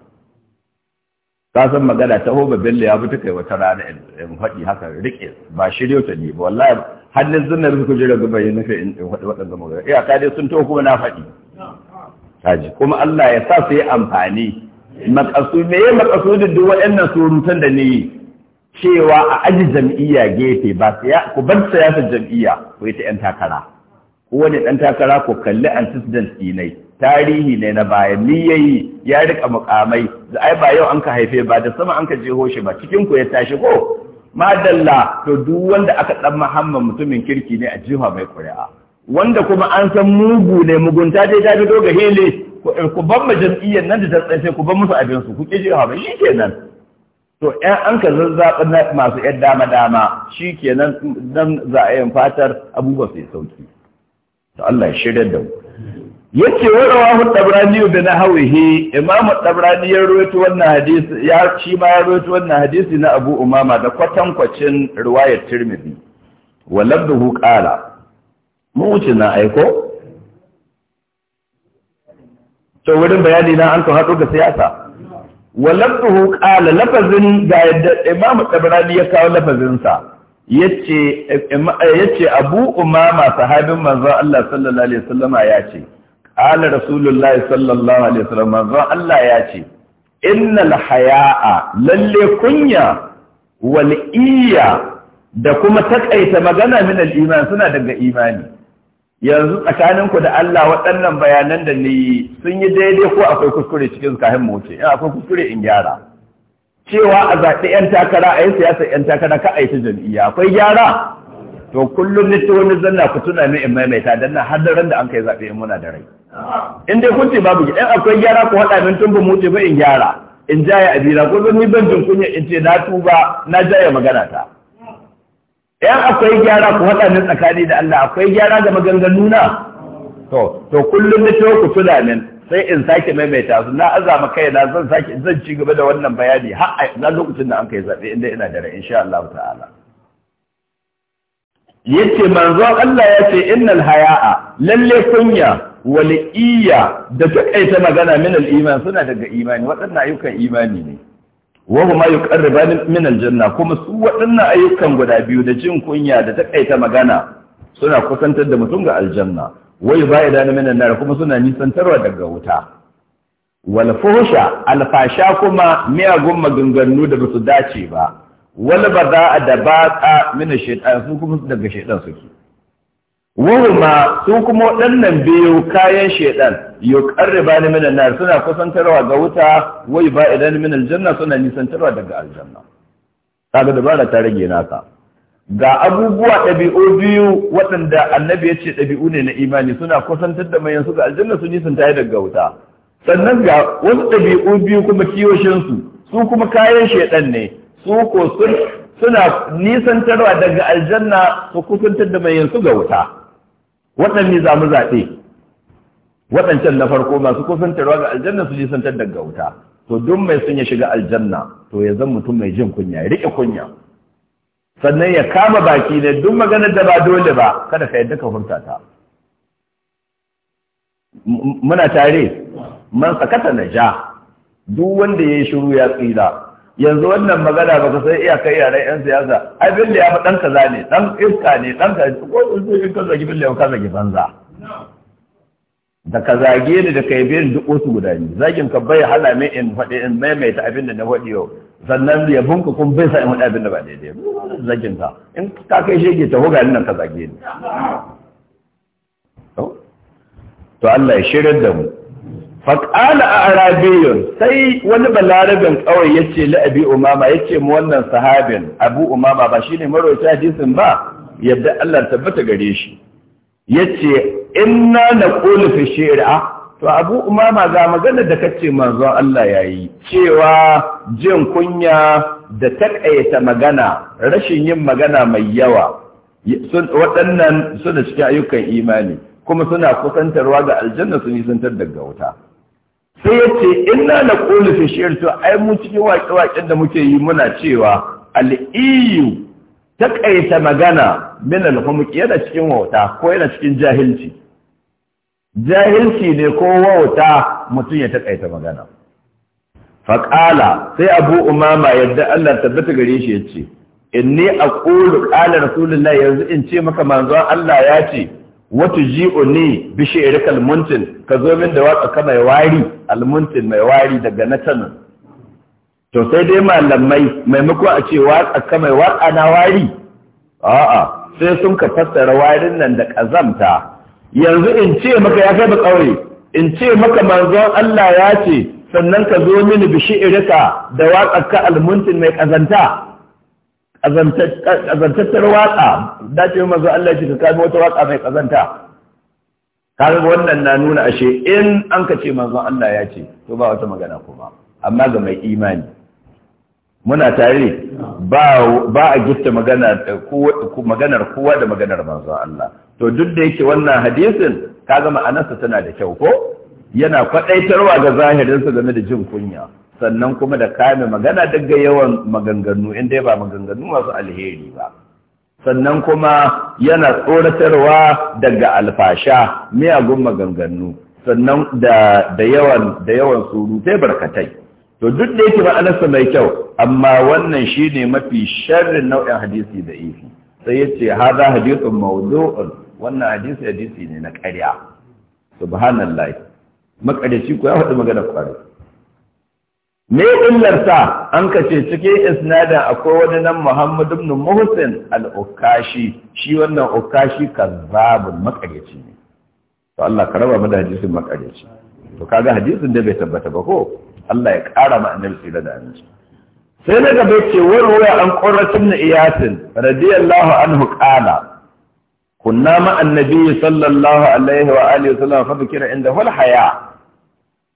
Speaker 1: ka san magana ta hoba bello ya fita kai wata rana in faɗi haka riƙe ba shirya ta ne ba wallahi hannun sunna rufe kujera gaba ya nufi in faɗi waɗanda magana iyaka dai sun to kuma na faɗi kaji kuma Allah ya sa su yi amfani makasu me ya da duk waɗannan surutan da ne cewa a aji jam'iyya gefe ba ku bar siyasar jam'iyya ku yi ta 'yan takara wani ɗan takara ko kalli antecedents dinai tarihi ne na baya ni yayi ya rika mukamai da ai ba yau an ka haife ba da sama an ka jeho shi ba cikin ku ya tashi ko madalla to duk wanda aka dan muhammad mutumin kirki ne a jiha mai ƙuri'a wanda kuma an san mugu ne mugunta dai ta fito ga hele eh, ku ban ma jam'iyyar nan da ta tsaye ku ban musu abin su ku ke jiha ba shi kenan to ɗan an ka zazzaɓi masu ‘yan dama-dama shi kenan nan za a yin fatar abubuwa sai sauki to Allah ya shirya da mu yace wa rawahu tabrani bi nahwihi imam ɗabrani ya rawaito wannan hadisi ya ci ma ya rawaito wannan hadisi na Abu Umama da kwacin riwayar Tirmidhi wa labduhu qala mu wuce na aiko to wurin bayani na an to hado ga siyasa wa labduhu qala lafazin ga yadda imam ya kawo lafazinsa. sa yace abu umama sahabin manzon Allah sallallahu alaihi ya yace qala rasulullahi sallallahu alaihi wasallam manzon Allah ya ce. innal haya'a lalle kunya wal iya da kuma takaita magana min al iman suna daga imani yanzu tsakanin ku da Allah waɗannan bayanan da ni sun yi daidai ko akwai kuskure cikin kahin mu wuce akwai kuskure in gyara cewa a zaɓi 'yan takara a yi siyasar 'yan takara ka a yi ta jam'iyya akwai gyara to kullum ni ta wani zanna ku tuna min in maimaita don na har da an kai zaɓe in muna da rai in dai kun ce babu in akwai gyara ku haɗa min tun ba mu ce ba in gyara in jaya abira ko zan yi ban jin kunya in ce na tuba na jaya magana ta Yan akwai gyara ku haɗa min tsakani da Allah akwai gyara da maganganu na to to kullum ni ta ku tuna min sai in sake maimaita su na azama kaina zan sake zan ci gaba da wannan bayani har a na lokacin da an kai zaɓe inda ina da rai insha Allah ta'ala yace manzo Allah ya yace innal haya'a lalle kunya iyya da takaita magana min al-iman suna daga imani waɗannan ayyukan imani ne wa huma yuqarribani min al-janna kuma su waɗannan ayyukan guda biyu da jin kunya da takaita magana suna kusantar da mutum ga aljanna wai ba idan minan nar kuma suna nisantarwa daga wuta wal fuhsha al fasha kuma miyagun maganganu da basu dace ba wal bada da baqa min shaytan su kuma daga shaytan suke ma su kuma waɗannan biyu kayan shaidan yuqarriba ni minan nar suna kusantarwa ga wuta wai ba idan minan janna suna nisantarwa daga aljanna kaga dabara ta rage naka ga abubuwa ɗabi'u biyu waɗanda annabi ya ce ɗabi'u ne na imani suna kusantar da mayan su ga aljanna sun yi sun tayi daga wuta sannan ga wasu ɗabi'u biyu kuma kiyoshinsu su kuma kayan shaidan ne su ko suna nisantarwa daga aljanna su kusantar da mayan su ga wuta waɗanne za mu zaɓe waɗancan na farko masu kusantarwa ga aljanna su nisantar daga wuta to duk mai sun ya shiga aljanna to ya zan mutum mai jin kunya ya riƙe kunya sannan ya kama baki ne duk maganar da ba dole ba kada ka yadda ka furta ta muna tare man sakata na ja duk wanda ya shiru ya tsira yanzu wannan magana baka sai iyakar yaran yan siyasa ai billa ya dan kaza ne dan iska ne dan kaza ko in ka zagi ko ka zagi banza da ka zage ni da ka yi duk wasu guda biyu zagin ka bai hala mai in faɗi in maimaita abin da na faɗi yau sannan ya bunka kun bai sa in faɗi abin da ba daidai zagin ka in ka kai shege ta huga nan ka zage ni to Allah ya shirar da mu faqala arabiyun sai wani balarabin kawai yace la abi umama yace mu wannan sahabin abu umama ba shine maroci hadisin ba yadda Allah tabbata gare shi yace inna naqulu fi shi'ra ah, to abu umama ga magana da kace manzon Allah yayi cewa jin kunya da takaita magana rashin yin magana mai yawa sun waɗannan suna cikin ayyukan imani kuma suna kusantarwa ga aljanna sun yi santar daga wuta sai yace inna naqulu fi shi'ra to ai mu cikin waƙe-waƙen da muke yi muna cewa al al'iyu Taƙaita magana min alhumuki yana cikin wauta ko yana cikin jahilci jahilci ne ko wauta mutum ya taƙaita magana Faƙala sai abu umama yadda Allah tabbata gare shi ya ce, yace inni ƙulu ƙala rasulullah yanzu in ce maka manzon Allah ya ce wata ji'o ne bishe irikal muntin ka zo min da watsa ka mai wari almuntin mai wari daga na tanan to sai dai malamai maimako a ce watsa mai watsa na wari a'a sai sun ka fassara warin nan da ƙazamta yanzu in ce maka ya kai ba ƙaure in ce maka manzon Allah ya ce sannan ka zo mini bishi irika da watsa ka almuntin mai ƙazanta ƙazantattar watsa ce manzon Allah ce ka kame wata watsa mai ƙazanta kaga wannan na nuna ashe in an ka ce manzon Allah ya ce to ba wata magana kuma amma ga mai imani muna tare ba a gifta maganar kowa da maganar manzo Allah to duk da yake wannan hadisin ka zama anasa tana da kyau ko yana kwadaitarwa ga zahirinsa game da jin kunya sannan kuma da kame magana daga yawan maganganu inda ba maganganu masu alheri ba sannan kuma yana tsoratarwa daga alfasha miyagun maganganu sannan da yawan surutai barkatai to duk da yake ma'anarsa mai kyau amma wannan shine mafi sharrin nau'in hadisi da ifi sai ya ce haza hadisun mawdu'un wannan hadisi hadisi ne na ƙarya subhanallah makarici ko ya faɗi magana kwarai me illar sa an kace cikin isnada akwai wani nan Muhammad ibn Muhsin al-Ukashi shi wannan Ukashi kazzabun makarici ne to Allah ka raba mu da hadisin makarici to kaga hadisin da bai tabbata ba ko Allah ya ƙara ma annabi tsira da aminci sai na gaba ce wani an ƙorafin na iyasin radiyallahu anhu ƙala kunna ma annabi sallallahu alaihi wa alihi wasallam fa bikira inda wal haya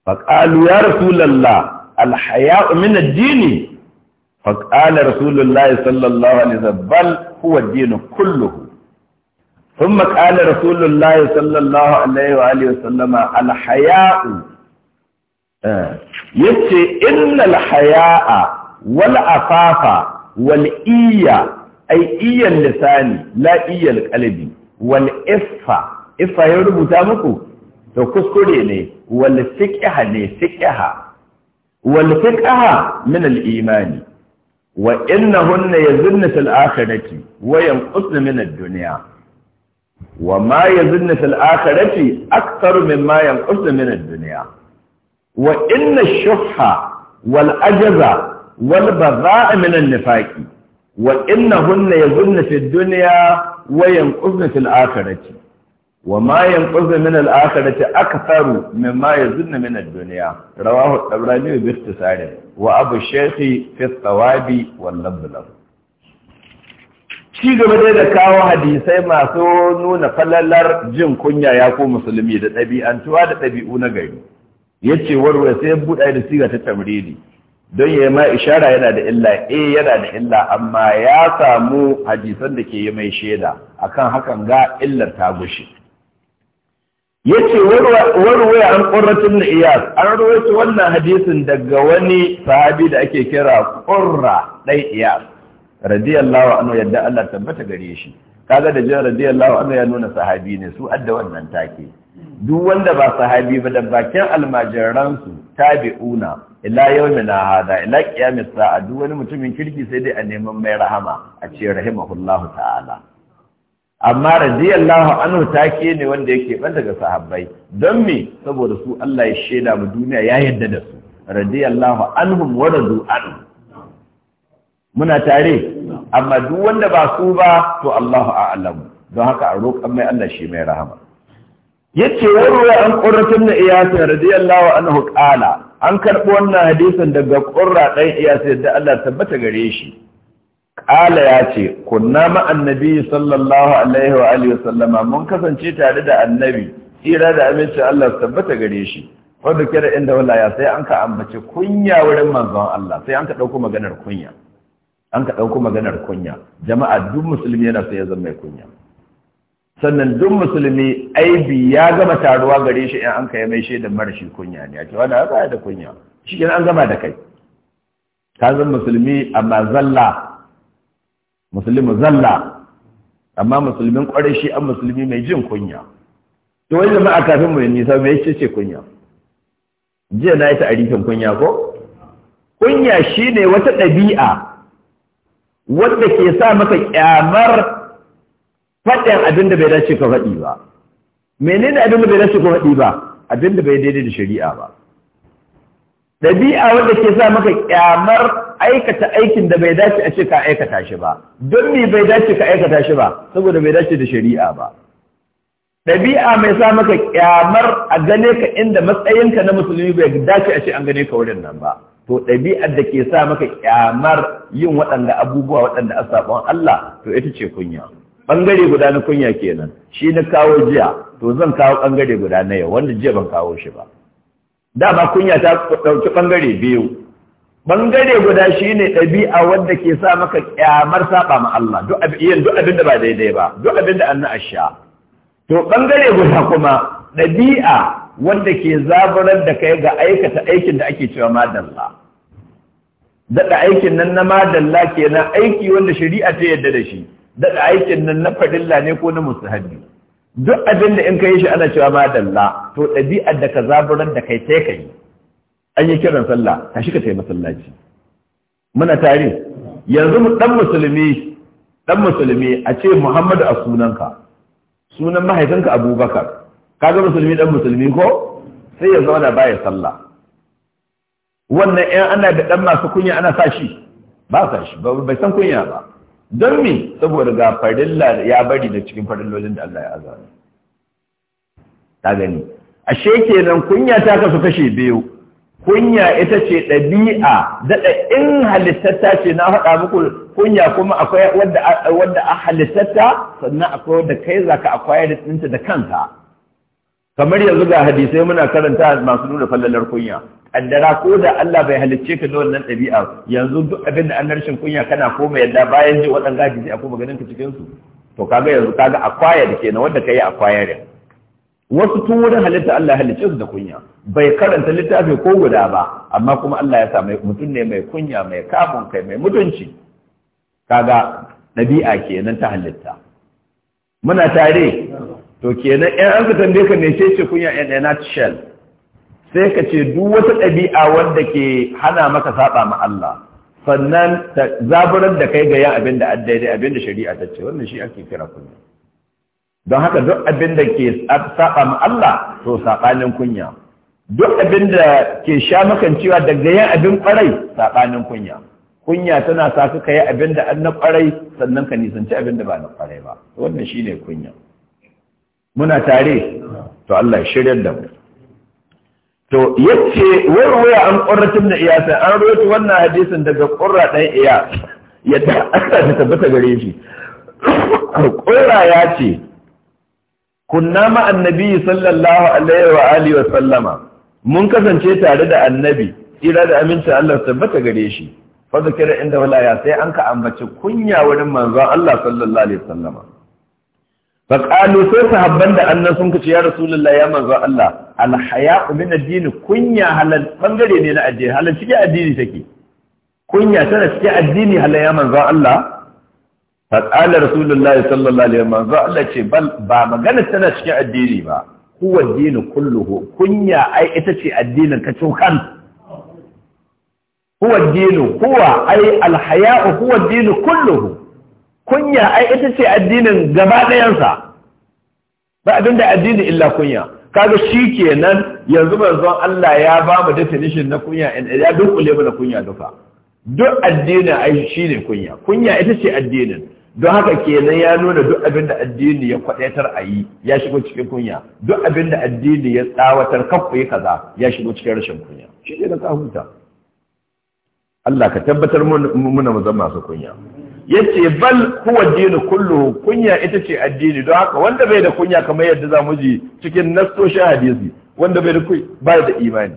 Speaker 1: fa qalu ya rasulullah al haya min ad-din fa qala rasulullah sallallahu alaihi wasallam bal huwa ad-din kulluhu ثم قال رسول الله صلى الله عليه وآله وسلم الحياء yace innal haya'a wal afafa wal iya ay iyan lisani la iyal qalbi wal iffa iffa ya rubuta muku to kuskure ne wal fiqha ne fiqha wal fiqha min al imani wa innahunna yazunna fil akhirati wa yanqusna min ad dunya wa ma yazunna fil akhirati aktharu mimma yanqusna min ad dunya wa inna shuhha wal ajaza wal baza'a min an-nifaqi wa innahunna yazunna fi ad-dunya wa yanqudna fil akhirati wa ma yanqudna min al-akhirati aktharu mimma yazunna min ad-dunya rawahu tabrani bi ikhtisar wa abu shaykhi fi tawabi wal ci gaba dai da kawo hadisai masu nuna falalar jin kunya ya ko musulmi da ɗabi'antuwa da ɗabi'u na gari yace warware sai ya buɗa da siga ta tamridi don ya yi ma ishara yana da illa e yana da illa amma ya samu hadisan da ke yi mai shaida akan hakan ga illar ta gushe yace warwaya an na iyas an rawaito wannan hadisin daga wani sahabi da ake kira ƙorra dai iyas radiyallahu anhu yadda Allah tabbata gare shi kaga da jin radiyallahu anhu ya nuna sahabi ne su adda wannan take duk wanda ba sahabi ba da bakin almajiransu tabi'una ila na hada ila qiyamis sa'a duk wani mutumin kirki sai dai a neman mai rahama a ce rahimahullahu ta'ala amma radiyallahu anhu take ne wanda yake ban daga sahabbai don me saboda su Allah ya sheda mu duniya ya yarda da su radiyallahu anhum wa radu an muna tare amma duk wanda ba su ba to Allahu a'lamu don haka a roƙon mai Allah shi mai rahama yace warwa an qurratun na iyasa radiyallahu anhu qala an karbo wannan hadisin daga qurra dan iyasa da Allah tabbata gare shi qala yace kunna ma annabi sallallahu alaihi wa alihi wasallama mun kasance tare da annabi tsira da aminci Allah tabbata gare shi wanda kira inda wallahi sai an ka ambace kunya wurin manzon Allah sai an ka dauko maganar kunya an ka dauko maganar kunya jama'a duk musulmi yana sai ya zama kunya sannan duk musulmi aibi ya gama taruwa gare shi in an kai mai shaidan marashi kunya ne a ce wanda aka da kunya shi an gama da kai ka zan musulmi amma zalla musulmi zalla amma musulmin kwarai shi an musulmi mai jin kunya to wani jama'a kafin mu nisa mai ce ce kunya jiya na yi arifin kunya ko kunya shi ne wata ɗabi'a wadda ke sa maka kyamar faɗin abin da bai dace ka faɗi ba menene abin da bai dace ka faɗi ba abin da bai daidai da shari'a ba ɗabi'a wanda ke sa maka kyamar aikata aikin da bai dace a ce ka aikata shi ba don me bai dace ka aikata shi ba saboda bai dace da shari'a ba ɗabi'a mai sa maka kyamar a gane ka inda matsayinka na musulmi bai dace a ce an gane ka wurin nan ba to ɗabi'ar da ke sa maka kyamar yin waɗanda abubuwa waɗanda a saɓon Allah to ita ce kunya bangare guda na kunya kenan shi na kawo jiya to zan kawo bangare guda na yau wanda jiya ban kawo shi ba dama kunya ta ɗauki bangare biyu bangare guda shine ɗabi'a wanda ke sa maka kyamar saba ma Allah duk abin da ba daidai ba duk abin da annu asha to bangare guda kuma ɗabi'a wanda ke zaburar da kai ga aikata aikin da ake cewa madalla daɗa aikin nan na madalla kenan aiki wanda shari'a ta yadda da shi Daga aikin nan na farilla ne ko na musahabi duk abin da in ka yi shi ana cewa ma dalla to ɗabi'ar da ka zaburar da kai sai ka yi an yi kiran sallah ka shi ka sai masallaci muna tare yanzu mu dan musulmi dan musulmi a ce muhammadu a sunanka sunan mahaifinka abubakar kaga musulmi dan musulmi ko sai ya zauna baya sallah wannan ɗan ana da ɗan masu kunya ana sa shi ba sa shi bai san kunya ba don me saboda ga farilla ya bari da cikin farillolin da Allah ya azami ta gani ashe kenan kunya ta kasu kashe biyu kunya ita ce ɗabi'a daɗa in halittata ce na haɗa muku kunya kuma akwai wadda a halittata sannan akwai wadda kai za ka akwai ɗinta da kanka kamar yanzu ga hadisai muna karanta masu nuna fallalar kunya addara ko da Allah bai halicce ka da wannan ɗabi'a yanzu duk abin da an rashin kunya kana koma yadda bayan ji waɗanda hadisai akwai maganin ka cikin su to kaga yanzu kaga akwaya da kenan wanda kai akwaya ne wasu tun wurin halitta Allah halicce su da kunya bai karanta littafi ko guda ba amma kuma Allah ya sa mai mutum ne mai kunya mai kafin kai mai mutunci kaga ɗabi'a kenan ta halitta muna tare to kenan ɗan an ka tambaye ka mece ce kunya in a nutshell sai ka ce duk wata ɗabi'a wanda ke hana maka saba ma Allah sannan ta zaburar da kai ga yin abin da daidai abin da shari'a ta ce wannan shi ake kira kunya don haka duk abin da ke saba ma Allah to sabanin kunya duk abin da ke sha maka cewa daga yin abin kwarai sabanin kunya kunya tana sa ka yi abin da an na kwarai sannan ka nisanci abin da ba na kwarai ba wannan shine kunya muna tare to Allah ya shirya da mu to yace wai waya an qurratun da iyasa an rawaito wannan hadisin daga qurra dai iya yadda Allah ta tabbata gare shi qurra ya ce kunna ma annabi sallallahu alaihi wa alihi wa sallama mun kasance tare da annabi tsira da aminci Allah tabbata gare shi fa zakira inda wala ya sai an ka ambaci kunya wurin manzon Allah sallallahu alaihi wa sallama faƙalu sai sahabban da annan sun kace ya rasulullahi ya manzo Allah alhaya min addini kunya halal bangare ne na addini halal cikin addini take kunya tana cikin addini halal ya manzo Allah faƙala rasulullahi sallallahu alaihi wasallam manzo ce bal ba magana tana cikin addini ba huwa addini kulluhu kunya ai ita ce addinin ka kan huwa addini huwa ai alhaya huwa addini kulluhu kunya ai ita ce addinin gaba ɗayansa ba abin da addini illa kunya kaga shi kenan yanzu manzon Allah ya ba mu definition na kunya in ya dunkule mu da kunya duka duk addinin ai shi ne kunya kunya ita ce addinin don haka kenan ya nuna duk abin da addini ya kwadaitar a yi ya shigo cikin kunya duk abin da addini ya tsawatar kafa yi kaza ya shigo cikin rashin kunya shi ne da ka huta Allah ka tabbatar muna mu zama masu kunya yace bal huwa dinu kullu kunya ita ce addini don haka wanda bai da kunya kamar yadda za mu ji cikin nassoshin hadisi wanda bai da bai da imani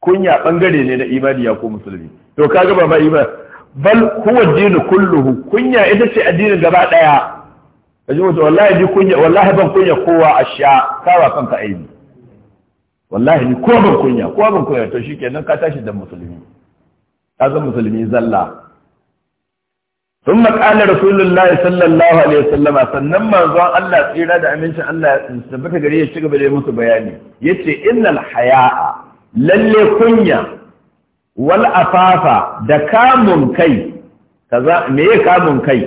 Speaker 1: kunya bangare ne na imani ya ko musulmi to kaga ba ma imani bal huwa dinu kulluhu kunya ita ce addini gaba daya kaji mutu wallahi ji kunya wallahi ban kunya kowa a sha kawa kanka aini wallahi ni ko ban kunya ko ban kunya to shikenan ka tashi da musulmi ka zama musulmi zalla sun maƙala rasulullahi sallallahu alaihi wasallam sannan manzon Allah tsira da amincin Allah tabbata gari ya ci gaba da musu bayani yace innal haya'a lalle kunya wal afafa da kamun kai kaza me kamun kai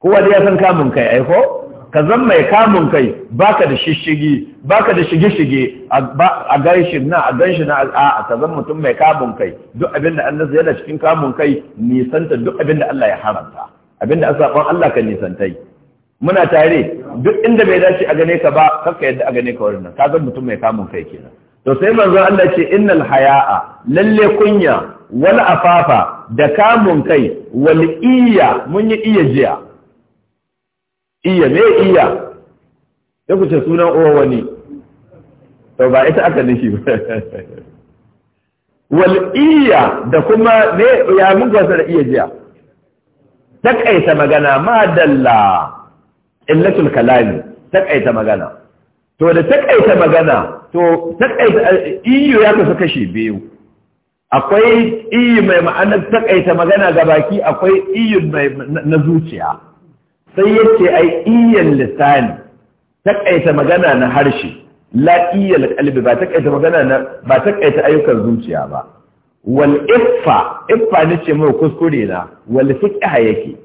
Speaker 1: kowa da ya san kamun kai aiko? ka zan mai kamun kai baka da shishigi baka da shige-shige a ganshin na a ganshi na a ka zan mutum mai kamun kai duk abin da annabi yana cikin kamun kai nisanta duk abin da Allah ya haramta abin da asafan Allah ka nisantai muna tare duk inda bai dace a gane ka ba kaka yadda a gane ka wurin nan ka zan mutum mai kamun kai kenan to sai manzo Allah ce innal haya'a lalle kunya wal afafa da kamun kai wal iya mun yi iya jiya iya me iya ya kusa sunan uwa wani to ba ita aka nishi ba wal iya da kuma ne ya mun gwasa da iya jiya takaita magana ma dalla illatul kalami takaita magana to da takaita magana to takaita iyo ya kusa kashi biyu akwai iyo mai ma'anar takaita magana ga baki akwai iyo mai na zuciya sai ya ce ai iyan lisani takaita magana na harshe la iya qalbi ba takaita magana na ba takaita ayyukan zuciya ba wal iffa iffa ne ce mai kuskure na wal yake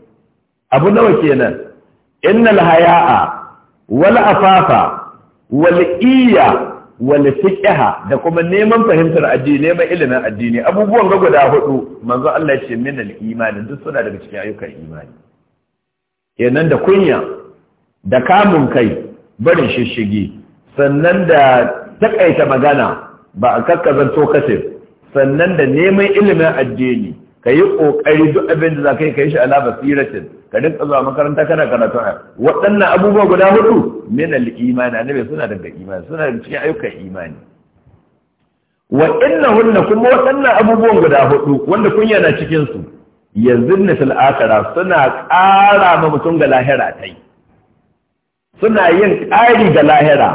Speaker 1: abu nawa kenan innal haya'a wal afafa wal iya wal fiqha da kuma neman fahimtar addini neman ilimin addini abubuwan ga guda hudu manzo Allah ya ce min al imani duk suna daga cikin ayyukan imani kenan da kunya da kamun kai barin shishigi sannan da takaita magana ba a kakkazan tokatif sannan da neman ilimin addini ka yi ƙoƙari duk abin da za ka yi ka yi shi ala basiratin ka dinka zuwa makaranta kana karatu a waɗannan abubuwa guda hudu min al-imani annabi suna daga imani suna daga cikin ayyukan imani wa innahunna kuma waɗannan abubuwan guda hudu wanda kunya na cikin su yanzu na fil'akara suna ƙara ma mutum ga lahira ta yi suna yin ƙari ga lahira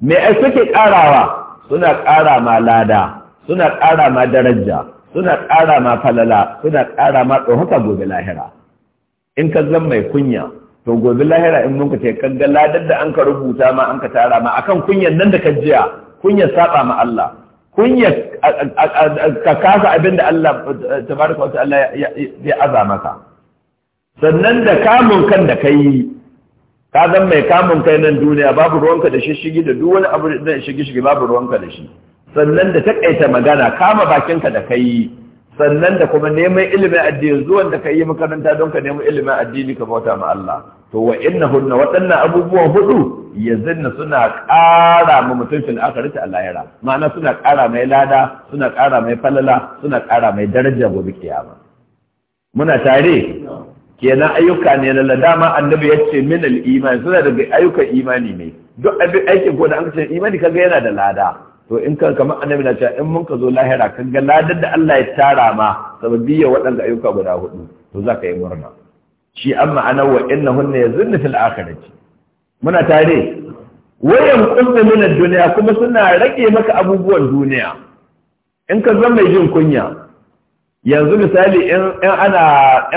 Speaker 1: mai ai suke ƙarawa suna ƙara ma lada suna ƙara ma daraja suna ƙara ma falala suna ƙara ma ɗauka gobe lahira in ka zan mai kunya to gobe lahira in mun ka ce kan ga ladar da an ka rubuta ma an ka tara ma akan kunyan nan da ka jiya Kunyan saba ma Allah kunya ka kasa abin da Allah tabaraka wa ta'ala ya aza maka sannan da kamun kan da kai ka zan mai kamun kai nan duniya babu ruwanka da shishigi da duk wani abu da shigi shigi babu ruwanka da shi sannan da takaita magana kama bakinka da kai sannan da kuma neman ilimin addini zuwan da ka yi makaranta don ka neman ilimin addini ka bauta ma Allah to wa hunna waɗannan abubuwan hudu yazinna suna ƙara ma mutum fil Allah ya ma'ana suna ƙara mai lada suna ƙara mai falala suna ƙara mai daraja gobe kiyama muna tare kenan ayyuka ne na ladama annabi yace ce min al-iman suna daga ayyukan imani ne duk abin aikin ko da an ce imani kaga yana da lada to in kan kamar annabi na cewa in mun ka zo lahira kaga ladar da Allah ya tara ma ya waɗanda ayyuka guda hudu to zaka yi murna shi an ma'ana wa inna hunna yazunna fil akhirati muna tare wayan kunna min ad-dunya kuma suna rage maka abubuwan duniya in ka zama mai jin kunya yanzu misali in ana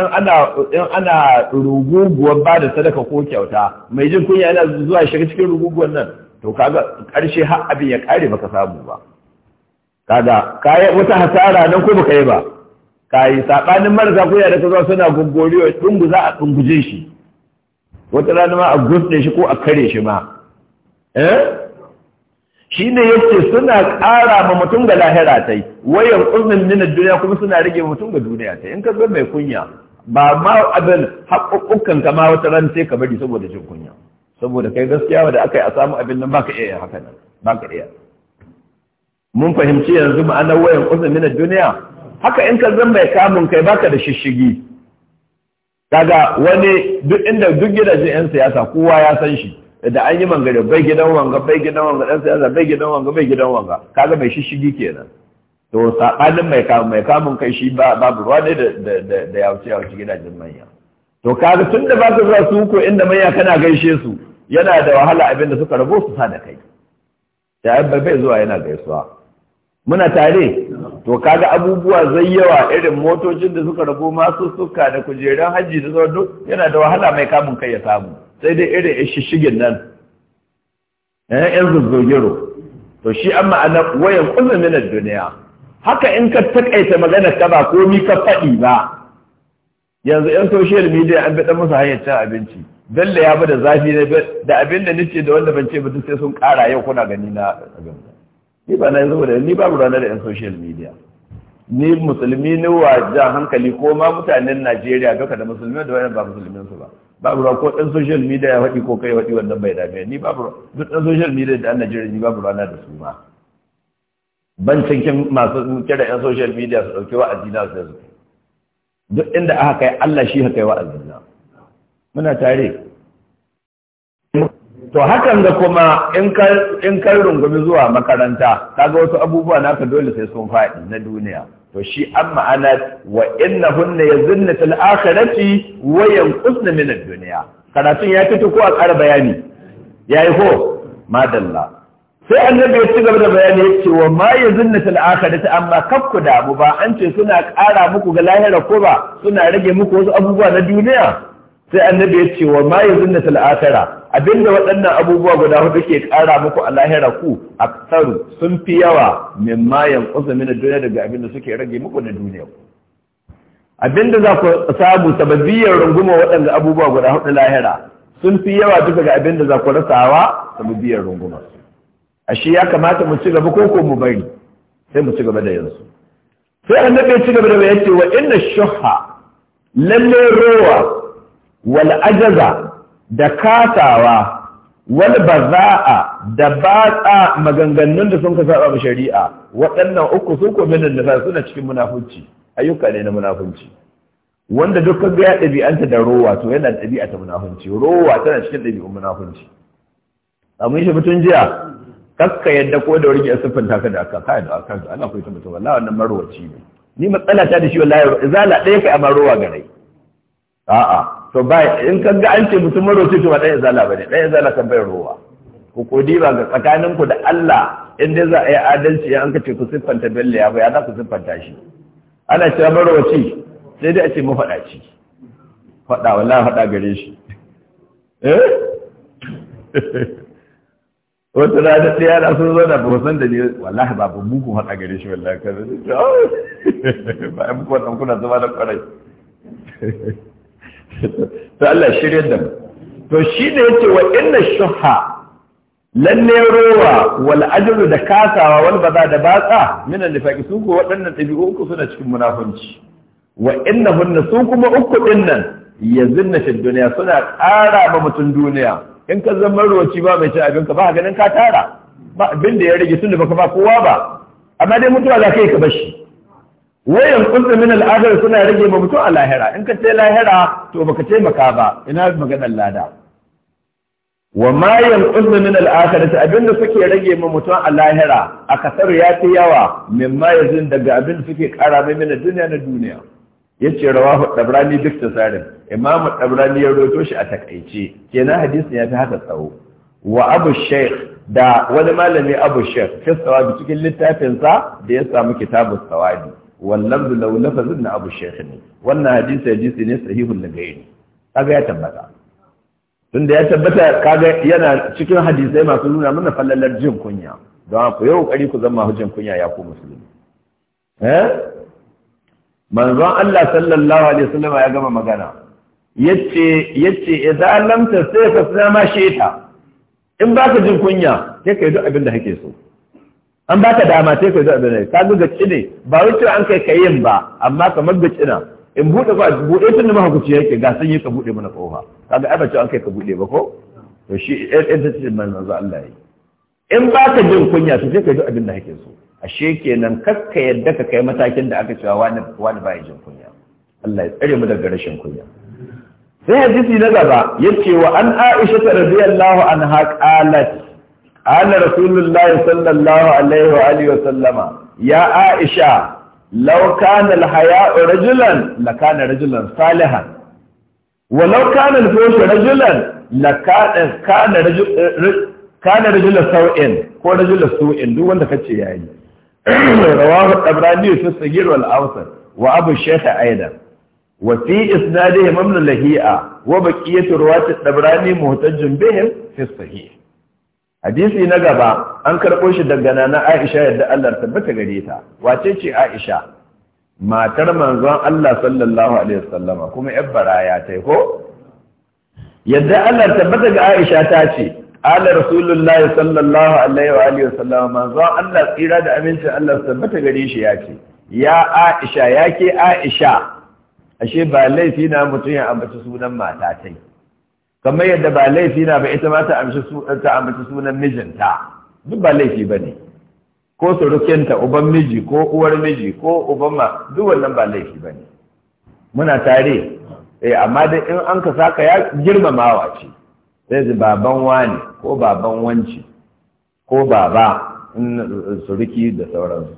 Speaker 1: in ana in ana ruguguwar ba sadaka ko kyauta mai jin kunya yana zuwa shiga cikin ruguguwar nan to kaga karshe har abin ya kare baka samu ba kaga kai wata hasara nan ko baka yi ba kayi sabanin marasa kuya da kaza suna gungoriyo dungu za a dunguje shi wata rana ma a gusne shi ko a kare shi ma eh shi ne yake suna ƙara ma mutum ga lahira yi wayan ƙunin min duniya kuma suna rage mutum ga duniya ta. in ka zo mai kunya ba ma abin haƙuƙukan ka ma wata ran sai ka bari saboda jin kunya saboda kai gaskiya da aka yi a samu abin nan baka iya haka nan baka iya mun fahimci yanzu ma'anar wayan ƙunin min duniya haka in ka zan mai kamun kai baka da shishigi kaga wani duk inda duk gidajen yan siyasa kowa ya san shi da an yi mangare bai gidan wanga bai gidan wanga dan siyasa bai gidan wanga bai gidan wanga kaga mai shishigi kenan to sabanin mai kamun mai kamun kai shi ba babu ruwa ne da da da yawuce gidajen manya to kaga tunda ba ka zuwa su ko inda manya kana gaishe su yana da wahala abinda suka rabo su sa da kai da bai zuwa yana gaisuwa muna tare to kaga abubuwa zai yawa irin motocin da suka rabu masu suka da kujerun hajji da zuwa duk yana da wahala mai kamun kai ya samu sai dai irin shishigin nan eh yan zuzzogiro to shi amma ana wayan kullu min ad-dunya haka in ka takaita magana ka ba komi ka faɗi ba yanzu yan social media an bi musu hanyar cin abinci Bello ya bada zafi da abin da nace da wanda ban ce ba duk sai sun kara yau kuna gani na abin ni ba na saboda ni babu ranar yan social media ni musulmi ne wa ja hankali ko ma mutanen Najeriya duka da musulmi da wani ba musulmin su ba babu ko dan social media ya faɗi ko kai faɗi wannan bai dame ni babu duk dan social media da Najeriya ni babu rana da su ma ban cikin masu kira yan social media su dauke wa addina su duk inda aka kai Allah shi haka kai wa addina muna tare to hakan da kuma in kar rungumi zuwa makaranta kaga wasu abubuwa naka dole sai sun faɗi na duniya to shi an ma'ana wa innahunna yazunna fil akhirati wa yanqusna min ad-dunya karatun ya fito ko a ƙara bayani yayi ko madalla sai annabi ya ci gaba da bayani ya ce wa ma yazunna fil akhirati amma kafku da mu ba an ce suna ƙara muku ga lahira ko ba suna rage muku wasu abubuwa na duniya sai annabi ya ce wa ma yazunna tal'atara abinda waɗannan abubuwa guda hudu ke ƙara muku a lahira ku aksaru sun fi yawa min mayan yanqusu min duniya daga abinda suke rage muku na duniya abinda za ku samu sababiyar runguma waɗanda abubuwa guda hudu lahira sun fi yawa duka ga abinda za ku rasawa sababiyar runguma ashe ya kamata mu ci gaba ko ko mu bari sai mu ci gaba da yanzu sai annabi ya ci gaba da yace wa inna shuhha lalle rowa wal ajaza da kasawa wal baza'a da batsa maganganun da sun ka saba shari'a waɗannan uku su ko min nifas suna cikin munafunci ayyuka ne na munafunci wanda dukkan ga ya ɗabi'anta da rowa to yana ɗabi'a ta munafunci rowa tana cikin ɗabi'un munafunci a mun shi mutun jiya kakka yadda ko da wuri siffin taka da aka kai da aka ga Allah kai ta mutum wallahi wannan marwaci ne ni matsala ta da shi wallahi zala ɗaya kai amma rowa rai a'a to ba in ka ga an ce mutum ce to ba ɗaya zala ba ne ɗaya zala kan bai ruwa ku kodi ba ga tsakanin ku da Allah in dai za a yi adalci an ka ce ku siffanta bella ya ba ya za ku siffanta shi ana maro ce sai dai a ce ci faɗa wallahi faɗa gare shi eh wata rana ɗaya da sun zo da bosan da ne wallahi ba bu ku fada gare shi wallahi kan ba a muku wannan kuna zama da kwarai to Allah shirye da to shi ne ya ce wa inna shuha lalle rowa wal ajru da kasawa wal baza da batsa min al nifaqi su ko waɗannan ɗabi'u uku suna cikin munafunci wa inna hunna su kuma uku din nan yazinna fi dunya suna ƙara ba mutum duniya in ka zama rowaci ba mai cin abin ka ba ganin ka tara ba abin da ya rage tun da baka ba kowa ba amma dai mutuwa za ka yi ka bashi wayan kunta min al'adar suna rage ma mutum a lahira in ka ce lahira to baka taimaka ba ina maganar lada wa ma yanqudna min al abinda suke rage ma mutum a lahira a kasar ya fi yawa ma yazin daga abinda suke kara mai mina duniya na duniya yace rawahu tabrani duk tasarin imam tabrani ya roto shi a takaice kenan hadisin ya fi haka tsawo wa abu shaykh da wani malami abu shaykh fi sawabi cikin littafinsa da ya samu kitabu sawabi wallan law lafazin na abu shaykh ne wannan hadisi hadisi ne na lagaini kaga ya tabbata tunda ya tabbata kaga yana cikin hadisai masu nuna mana fallalar jin kunya don ku yau kokari ku zama hujjan kunya ya ku musulmi eh manzon Allah sallallahu alaihi wasallam ya gama magana yace yace idan lam tasfa sama sheta in baka jin kunya kai kai duk abin da kake so an ba ka dama sai ka zaɓi ne ka ga gaci ne ba wuce an kai ka yin ba amma kamar gaci na in buɗe ba buɗe tun da mahaukaci yake ga sun yi ka buɗe mana ƙofa ka ga ba an kai ka buɗe ba ko to shi ɗan eh, eh, ta ce man manzo Allah yi in ba ka jin kunya to sai ka zo abin da kake so ashe kenan kakka yadda ka kai matakin da aka cewa wani wani ba ya jin kunya Allah ya tsare mu daga rashin kunya sai hadisi na gaba yace wa an Aisha radiyallahu anha qalat قال رسول الله صلى الله عليه وآله وسلم يا عائشة لو كان الحياء رجلا لكان رجلا صالحا ولو كان الفوش رجلا لكان كان رجلا سوء كو رجلا سوء دو وانا فتشي يعني رواه الطبراني في الصغير والأوسط وأبو الشيخ أيضا وفي إسناده ممن لهيئة وبكية رواة الطبراني مهتج بهم في الصحيح hadisi na gaba an karɓo shi daga nana Aisha yadda Allah tabbata gare ta wace ce Aisha matar manzon Allah sallallahu alaihi wasallama kuma yar baraya ta ko yadda Allah tabbata ga Aisha ta ce ala rasulullahi sallallahu alaihi wa alihi wasallama manzon Allah tsira da amincin Allah tabbata gare shi ya ce ya Aisha yake Aisha ashe ba laifi na mutum ya ambaci sunan mata tai kamar yadda ba laifi na ba ita ma ta amshi ta ambaci sunan mijinta duk ba laifi ba ne ko surukinta uban miji ko uwar miji ko uban ma duk wannan ba laifi ba ne muna tare eh amma dai in an ka saka ya girmamawa ce sai ji baban wani ko baban wanci ko baba in eh, suruki da sauransu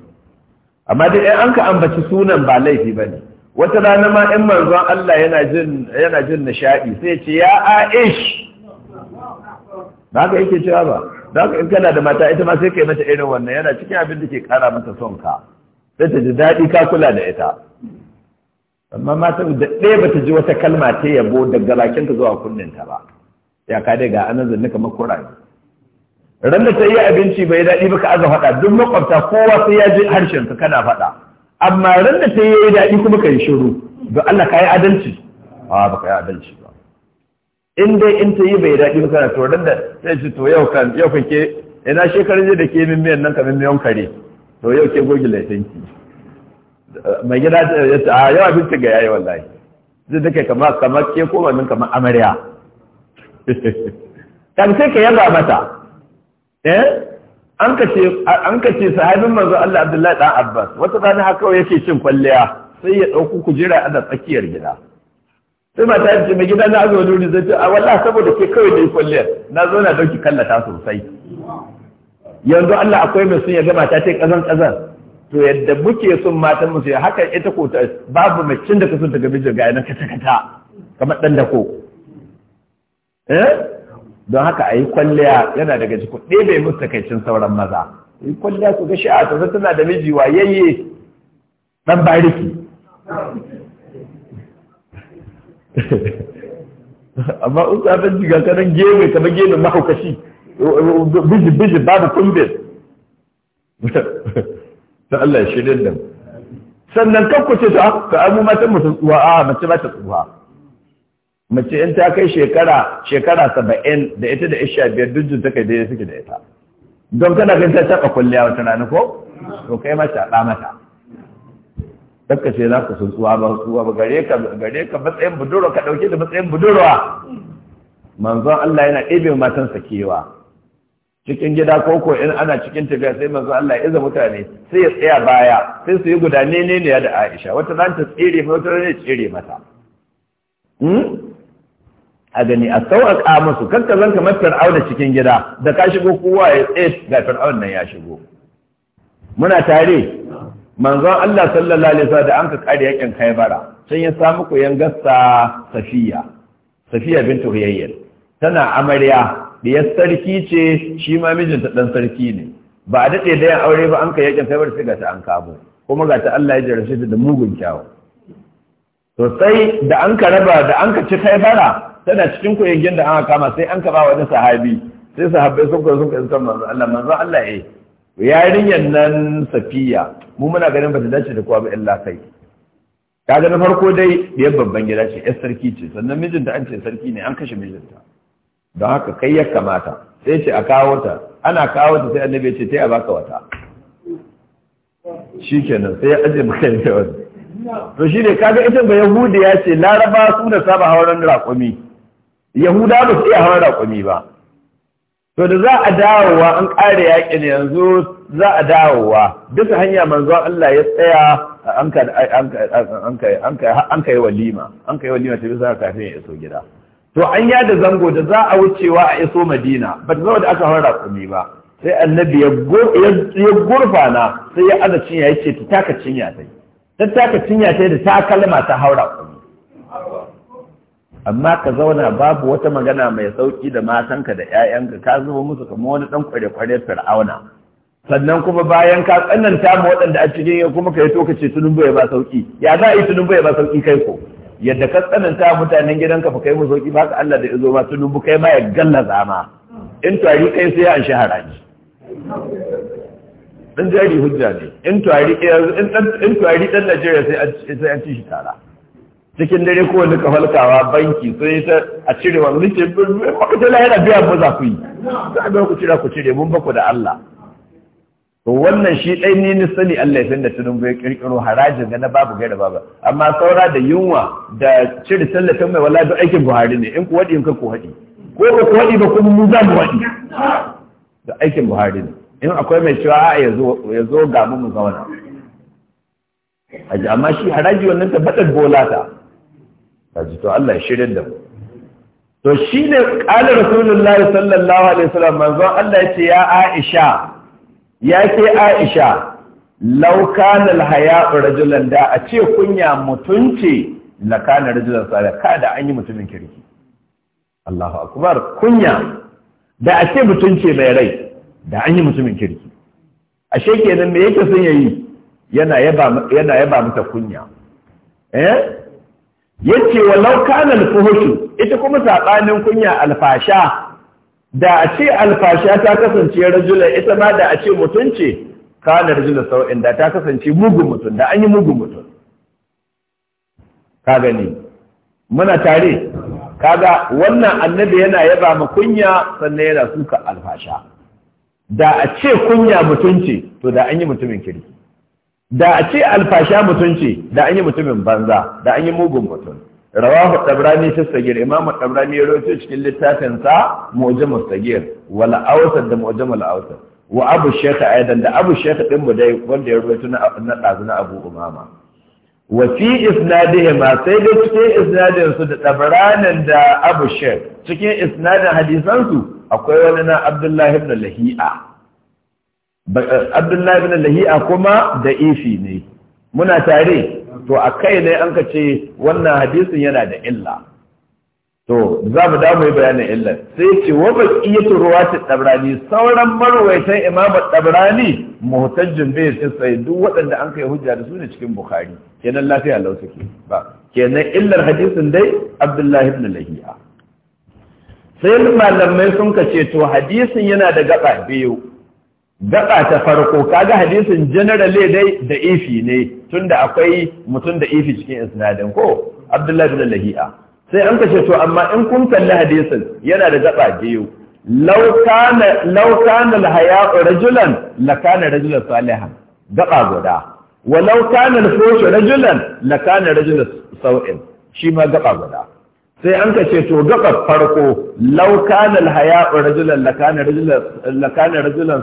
Speaker 1: amma dai in an ka ambaci sunan ba laifi ba ne wata rana ma in manzon Allah yana jin yana jin sai ce ya Aish ba ka yake cewa ba da ka in kana da mata ita ma sai kai mata irin wannan yana cikin abin da ke kara mata son ka sai ta ji daɗi ka kula da ita amma matan da ɗaya ba ta ji wata kalma ta yabo daga ka zuwa kunninta ba ya ka dai ga anan zanni kamar kurani ran da ta yi abinci bai daɗi ba ka aza faɗa duk makwabta kowa sai ya ji harshen ka kana faɗa amma ran da ta yi daɗi kuma ka yi shiru ga Allah ka yi adalci a ba ka yi adalci ba in dai in ta yi bai daɗi ba kana to ran da sai ce to yau kan yau kake ina shekarun da ke min miyan nan kamin miyan kare to yau ke gogi laifinki mai gida ya ce a yawa bin ga yayi wallahi zai take kama kamar ke ko wannan kamar amarya kan sai ka yaba mata eh an kace sahabin manzo Allah Abdullahi dan Abbas wata rana haka yake cin kwalliya sai ya dauku kujera a da tsakiyar gida sai mata ta ce mai gida na zo zai ce a wallahi saboda ke kawai da yi na zo na dauki kallata sosai yanzu Allah akwai mai sun ya mata ta kazan kazan to yadda muke son matan mu sai haka ita ko ta babu cin da ka so daga mijin ga yana kata kata kamar dan dako eh don haka a yi kwalliya yana daga cikin ɗebe musu takaicin sauran maza A yi kwalliya su ga sha'a ta suna da miji wa yayye ɗan bariki amma in tsafin jiga kanan gewe kama gewe mahaukashi biji biji babu kumbin ta Allah shirin nan sannan kakku ce ah, ta ka amu matan mutum tsuwa a ah, mace ba ta tsuwa mace in ta kai shekara shekara saba'in da ita da isha biyar duk ta kai daidai suke da ita don kana kai ta taɓa kulliya wata rana ko to kai mata ɗa mata dakka ce za ka tsuwa ba tsuwa ba gare ka gare ka matsayin budurwa ka ɗauke da matsayin budurwa manzon Allah yana ɗebe matansa kewa cikin gida ko ko in ana cikin tafiya sai manzon Allah ya iza mutane sai ya tsaya baya sai su yi guda ne ne da Aisha wata zan ta tsire fa wata ne ta tsire mata hmm? a gani a sauƙaƙa musu kakka zan kamar da cikin gida da ka shigo kowa ya tsaye ga fir'aun nan ya shigo muna tare manzon Allah sallallahu alaihi wasallam da an ka kare yakin Khaybara sai ya samu ku gassa Safiya Safiya bintu Huyayyin tana amarya diyar sarki ce shi ma mijinta dan sarki ne ba a dade da yan aure ba an ka yakin Khaybara sai ga ta an kabo kuma ga ta Allah ya jarrashe ta da mugun kyawu to sai da an ka raba da an ka ci Khaybara tana cikin koyayyen da aka kama sai an kaba wani sahabi sai sahabbai sun kai sun kai sun manzo Allah manzo Allah eh yarinyar nan safiya mu muna ganin bata dace da kowa ba illa kai kaga na farko dai biyar babban gida ce yar sarki ce sannan mijinta an ce sarki ne an kashe mijinta don haka kai ya kamata sai ce a kawo ta ana kawo ta sai annabi ce ta a baka wata shikenan sai ya aje maka da wata to shi ne kaga ita ba yahudiya ce laraba su da saba hauren raƙumi yahuda ba su iya da raƙumi ba to da za a dawowa an ƙare yaƙin yanzu za a dawowa duka hanya manzo Allah ya tsaya an kai walima an kai walima ta bisa kafin ya iso gida to an yada zango da za a wucewa a iso madina ba ta zama da aka da raƙumi ba sai annabi ya gurfana sai ya aza cinya ya ce ta taka cinya ta yi ta taka cinya ta yi da ta kalma ta haura raƙumi amma ka zauna babu wata magana mai sauki da matanka da ƴaƴanka ka zuba musu kamar wani dan kware-kware fir'auna sannan kuma bayan ka tsananta ma waɗanda a cikin ya kuma ka yi toka ce tunumba ya ba sauki ya za a yi tunumba ya ba sauki kai ko yadda ka tsananta mutanen gidanka fa kai mu sauki ba ka Allah da izo ma tunumbu kai ma ya gallaza ma in tari kai sai an shi haraji in jari hujja ne in tari in tari dan Najeriya sai an ci shi tara cikin dare ko wani kafalkawa banki sai ta a cire wani ce maka yana biya ba za ku yi za a ku cire ku cire mun baku da Allah to wannan shi ɗai ne ni sani Allah ya san da tunan bai kirkiro harajin ga na babu gaira babu amma saura da yunwa da cire tallafin mai wala duk aikin Buhari ne in ku waɗi in ka ku wadi. ko ba ku wadi ba kuma mun za mu wadi. da aikin Buhari ne in akwai mai cewa a ya zo ga mu mu zauna amma shi haraji wannan tabbatar bolata ta kaji to Allah ya shirin da mu to shine qala rasulullahi sallallahu alaihi wasallam manzo Allah ya ce ya Aisha ya ke Aisha law kana al-haya'u rajulan da a ce kunya mutunci la kana rajulan salih kada an yi mutumin kirki Allahu akbar kunya da a ce mutunci mai rai da an yi mutumin kirki ashe kenan me yake son yayi yana yaba yana yaba mata kunya eh yace walau kana al-fuhushu ita kuma sabanin kunya alfasha da a ce alfasha ta kasance rajula ita ma da a ce mutunci kana rajula sau'in da ta kasance mugun mutum da an yi mugun mutum ka gani muna tare kaga wannan annabi yana yaba ma kunya sannan yana suka alfasha da a ce kunya mutunci to da an yi mutumin kirki da a ce alfasha mutunci da an yi mutumin banza da an yi mugun mutum rawahu tabrani fi sagir imam tabrani ya rawaito cikin littafin sa mu'jamu sagir wal awsat da mu'jamu al awsat wa abu shaykh aidan da abu shaykh din mu dai wanda ya rawaito na na dazu na abu umama wa fi isnadihi ma sai da cikin isnadin su da tabranin da abu shaykh cikin isnadin hadisan su akwai wani na abdullahi ibn lahi'a Eh, abdullahi bin lahi'a kuma da ifi ne muna tare to a kai ne an ka ce wannan hadisin yana da illa to za mu damu yi bayanin illar sai ce wa turuwa ta tabrani sauran marwaitan imamu tabrani muhtajjin bai sai sai duk waɗanda an kai hujja da su ne cikin bukhari kenan lafiya lau suke ba kenan illar hadisin dai abdullahi ibn lahiya sai malamai sun kace to hadisin yana da gaba biyu gaba ta farko kaga hadisin general dai da ifi ne tunda akwai mutum da ifi cikin isnadin ko Abdullahi bin Lahi'a sai an kace to amma in kun kalli hadisin yana da gaba biyu law kana law kana al-haya'u rajulan la kana rajulan salihan gaba guda wa law kana al-fushu rajulan la kana rajulan sawin shi ma gaba guda sai an ka ce to gaba farko law kana al rajulan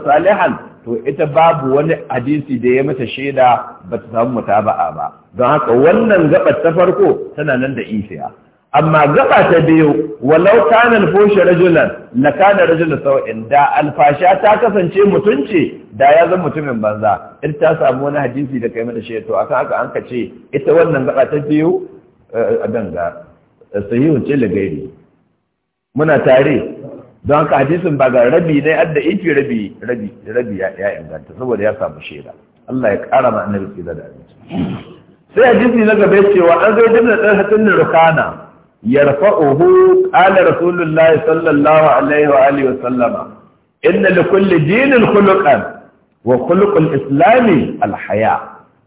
Speaker 1: salihan to ita babu wani hadisi da ya mata shaida ba ta samu mutaba'a ba don haka wannan gaba ta farko tana nan da isiya amma gaba ta biyu wa kana alfusha rajulan la kana rajul da alfasha ta kasance mutunci da ya zama mutumin banza in ta samu wani hadisi da kai mata shaida to akan haka an ka ce ita wannan gaba ta biyu eh, a danga sahihun ce lagairi muna tare don haka hadisin ba ga rabi ne adda ifi rabi rabi ya inganta saboda ya samu shaida Allah ya kara ma annabi kila da abinci sai hadisi na gaba cewa an zai dinna dan hatin rukana yarfa'uhu qala rasulullahi sallallahu alaihi wa alihi wa sallama inna likulli dinin khuluqan wa khuluqul islami alhaya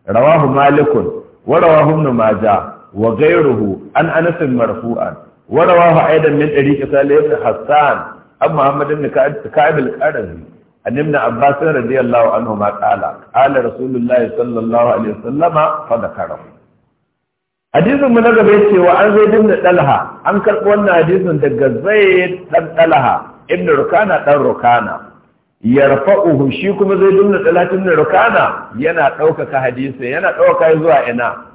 Speaker 1: rawahu malikun wa rawahu ibn majah wa ghayruhu an anas marfu'an wa rawahu aidan min tariqi salih ibn hassan an muhammad ibn ka'ab al-qarazi an ibn abbas anhu ma qala qala rasulullahi sallallahu alaihi wasallama fa dhakarahu hadisin mu na gaba ya cewa an zaid ibn dalha an karbi wannan hadisin daga zaid dan dalha ibn rukana ɗan rukana yarfa'uhu shi kuma zaid ibn dalha ibn rukana yana ɗaukaka hadisi yana ɗauka zuwa ina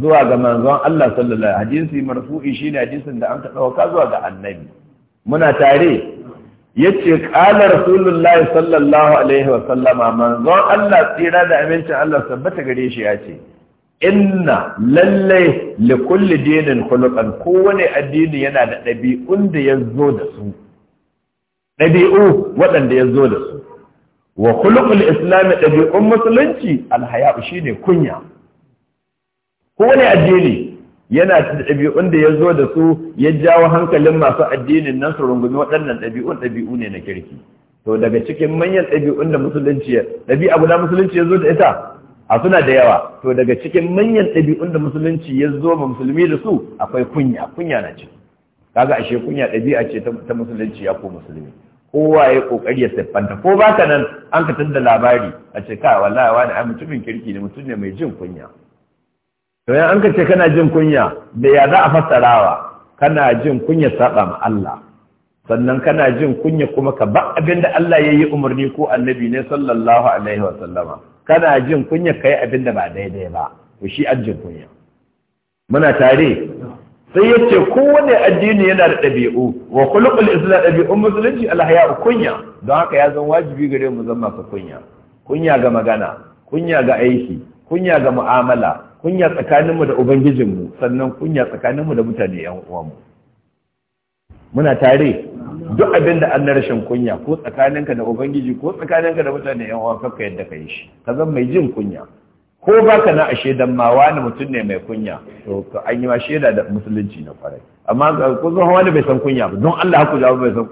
Speaker 1: zuwa ga manzon Allah sallallahu alaihi hadisi marfu'i shine hadisin da an ka dauka zuwa ga annabi muna tare yace qala rasulullahi sallallahu alaihi wa sallama manzon Allah tsira da amincin Allah sabbata gare shi yace inna lalle li kulli dinin khuluqan kowane addini yana da dabi'un da yazo da su dabi'u waɗanda yazo da su wa khuluqul islam dabi'un musulunci alhaya'u shine kunya ko wani addini yana da ɗabi'un da ya zo da su ya jawo hankalin masu addinin nan su rungumi waɗannan ɗabi'un ɗabi'u ne na kirki to daga cikin manyan ɗabi'un da musulunci ɗabi'a guda musulunci ya zo da ita a suna da yawa to daga cikin manyan ɗabi'un da musulunci ya zo ma musulmi da su akwai kunya kunya na ciki kaga ashe kunya ɗabi'a ce ta musulunci ya ko musulmi kowa ya kokari ya siffanta ko baka nan an ka tunda labari a ce kai wallahi wani ai mutumin kirki ne mutum ne mai jin kunya to an kace kana jin kunya da ya za a fassarawa kana jin kunya saɓa ma Allah sannan kana jin kunya kuma ka ba abin da Allah ya yi umarni ko annabi ne sallallahu alaihi wa sallama kana jin kunya kai abin da ba daidai ba Ku shi an jin kunya muna tare sai ya ce kowane addini yana da ɗabi'u wa kulukul isla ɗabi'un musulunci alhaya kunya don haka ya zan wajibi gare mu zama masu kunya kunya ga magana kunya ga aiki kunya ga mu'amala kunya tsakaninmu da ubangijinmu sannan kunya tsakaninmu da mutane yan uwanmu muna tare duk abin da an rashin kunya ko tsakaninka da ubangiji ko tsakaninka da mutane yan uwan kakka yadda ka yi shi ka zan mai jin kunya ko ba ka na a shaidan ma wani mutum ne mai kunya to an yi ma shaida da musulunci na kwarai amma ko zuwa wani bai san kunya ba don Allah haku jawo bai san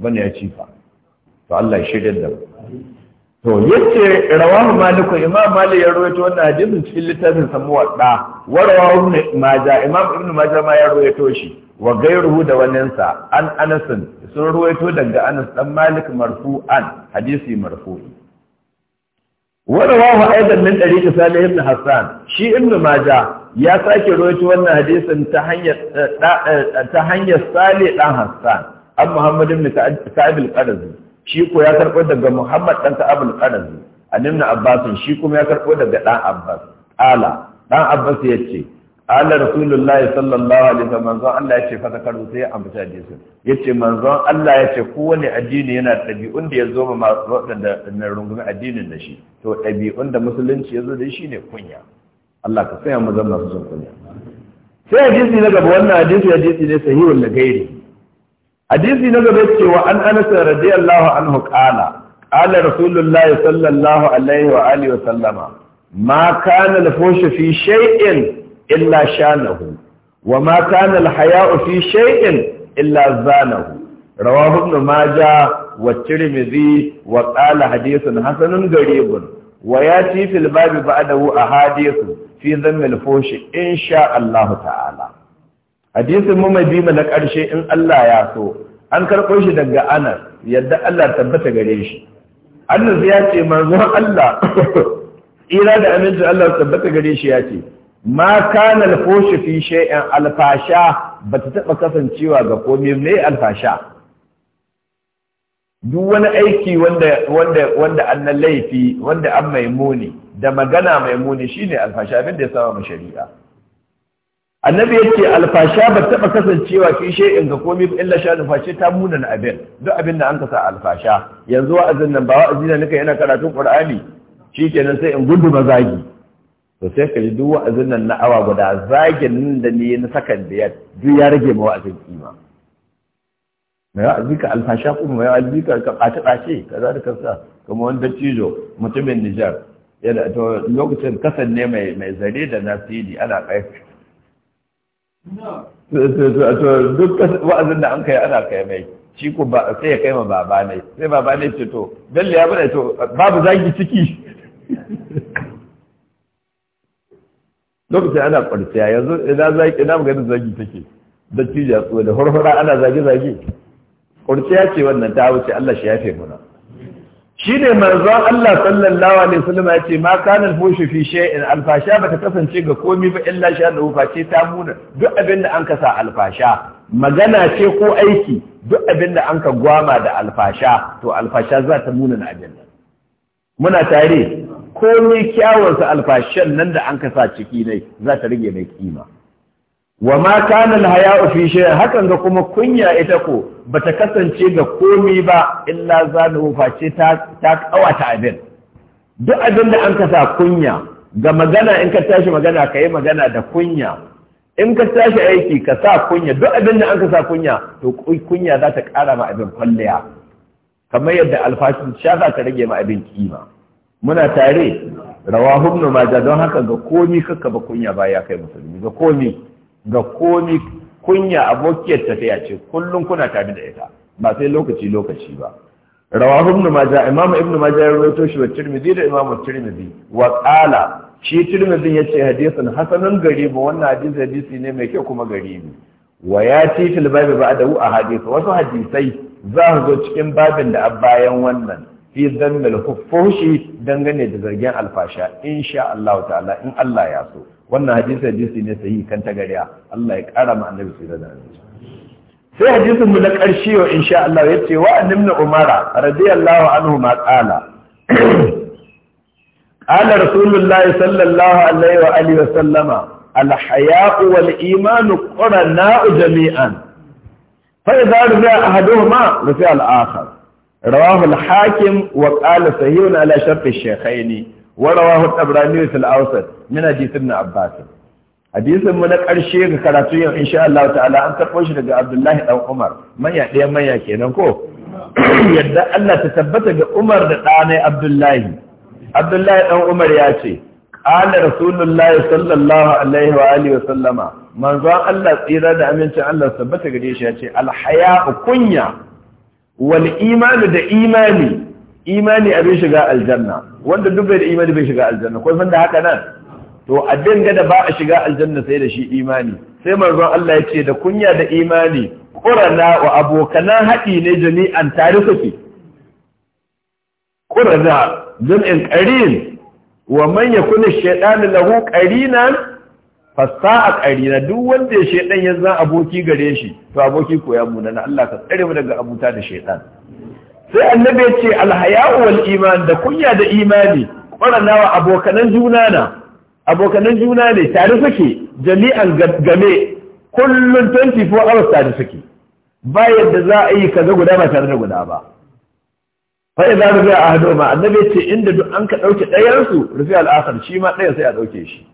Speaker 1: bane ya cifa to Allah ya shaidar da mu to yace rawahu maliku imam malik ya rawaito wannan hadisin cikin littafin sa muwadda wa rawahu maja imam ibnu maja ma ya rawaito shi wa gairuhu da sa an anas sun rawaito daga anas dan malik marfu'an hadisi marfu'i wa rawahu aidan min tariqi salih ibn hasan shi ibnu maja ya sake rawaito wannan hadisin ta hanyar eh, eh, ta hanyar salih dan hasan an muhammad ibn sa'id al-qarazi shi ko ya karɓo daga Muhammad ɗan Ka'ab al-Qanazi an ibn Abbas shi kuma ya karɓo daga ɗan Abbas ala ɗan Abbas ya ce ala Rasulullahi sallallahu alaihi wa manzon Allah ya ce fa zakaru sai ya ambata Ya ce manzon Allah ya ce kowane addini yana ɗabi'un da ya zo ma waɗanda na rungume addinin da shi to ɗabi'un da musulunci ya zo da shi ne kunya Allah ka tsaya mu zama su kunya sai hadisi na gaba wannan hadisi hadisi ne sahihul gairi. hadisi na gaba cewa an anas radiyallahu anhu qala qala rasulullahi sallallahu alaihi wa alihi wa sallama ma kana al fi shay'in illa shanahu wa ma kana al-haya'u fi shay'in illa zanahu rawahu ibn majah wa tirmidhi wa qala hadithun hasanun gharibun wa yati fil babi ba'dahu ahadithu fi dhamm al-fush insha Allah ta'ala hadisin mu mai bima na ƙarshe in Allah ya so an karɓo shi daga anas yadda Allah tabbata gare shi anas ya ce manzo Allah ira da aminci Allah tabbata gare shi ya ce ma kana alfoshi fi shay'in alfasha ta taba kasancewa ga komai me alfasha duk wani aiki wanda wanda wanda annan laifi wanda an maimuni da magana maimuni shine alfasha abin da ya saba mu shari'a annabi yace alfasha ba taba kasancewa fi shay'in ga komai illa sha alfasha ta munan abin duk abin da an sa alfasha yanzu wa'azin nan ba wa'azi ne kai yana karatun qur'ani shikenan sai in gudu mazagi to sai ka ji duk wa'azin nan na awa guda zagin nan da ni na sakan ya duk ya rage ma wa'azin kima mai wa'azi ka alfasha kuma mai wa'azi ka ka ɓace ɓace ka za da kasa kuma wanda cizo mutumin Nijar yana to lokacin kasan ne mai zare da nasiri ana kai. duk wa'azin da an kai ana kai mai shi ko ba sai ya kai ma baba ne sai baba ne ce to bello ya bada to babu zagi ciki lokacin ana kwarciya yanzu idan zagi ina maganin zagi take da cija tsoro da horhora ana zage zage kwarciya ce wannan ta wuce Allah shi yafe muna shine manzon Allah sallallahu alaihi wasallam ya ce ma kana al-fushu fi shay'in bata kasance ga komai ba illa sha da ta muna duk abin da an kasa al magana ce ko aiki duk abin da an ka gwama da alfasha to alfasha fasha za ta muna na abin muna tare komai kyawun sa nan da an kasa ciki ne za ta rage mai kima wa ma kana al-haya'u fi shay'in hakan ga kuma kunya ita ko ba ta kasance ga komi ba illa zanu face ta kawata abin duk abin da an kasa kunya ga magana in ka tashi magana ka yi magana da kunya in ka tashi aiki ka sa kunya duk abin da an kasa kunya to kunya za ta kara ma abin kwalliya kamar yadda alfashin sha za ta rage ma abin kima
Speaker 2: muna tare
Speaker 1: rawa numaja don haka ga komi kakka ba kunya ya kai musulmi ga komi ga komi kunya abokiyar tafiya ce kullum kuna tare da ita ba sai lokaci lokaci ba rawahu ibn majah imamu ibn majah shi wa tirmidhi da imam tirmidhi wa qala shi tirmidhi yace hadithun hasanun garibu wannan hadisi hadisi ne mai kyau kuma garibi wa ya ci fil babi ba'dahu ahadith wasu hadisai za zo cikin babin da bayan wannan fi dhammil khuffushi dangane da zargin alfasha insha Allah ta'ala in Allah ya so wannan hadisi hadisi ne sahihi kan ta tagariya Allah ya kara ma annabi sai da annabi sai hadisin mu na karshe wa insha Allah yace wa annabna umara radiyallahu anhu ma qala qala rasulullahi sallallahu alaihi wa alihi wa sallama al haya'u wal iman qarana'u jami'an fa idza rufi'a ahaduhuma rufi'a al akhar rawahu al hakim wa qala sahihun ala shartu ash-shaykhaini ورواه الطبراني في الأوسط من حديث ابن عباس حديث من القرشي كراتو إن شاء الله تعالى أن تقوش لك عبد الله أو عمر من يأتي من يأتي نكو يدى ألا تثبت عمر دقاني عبد الله عبد الله أو عمر يأتي قال رسول الله صلى الله عليه وآله وسلم من ظن الله إرادة أمين الله ثبت قريش يأتي الحياء كنيا والإيمان ده إيماني imani abin shiga aljanna wanda duk bai da imani bai shiga aljanna ko san da haka nan to a dinga da ba a shiga aljanna sai da shi imani sai manzon Allah ya ce da kunya da imani qurana wa abokanan haɗi ne jami'an tarihi suke qurana jam'in qarin wa man yakuna shaytanu lahu qarinan fasa'a qarina duk wanda shaytan ya zan aboki gare shi to aboki koya ya na Allah ka tsare mu daga abuta da shaytan sai annabi ya ce alhaya'u wal iman da kunya da imani wa abokanan juna na abokanan juna ne tare suke jami'an game kullum 24 hours tare suke ba yadda za a yi kaza guda ba tare da guda ba fa'i za rufe a hado ma annabi ce inda duk an ka ɗauke ɗayarsu rufe al'asar shi ma ɗaya sai a ɗauke shi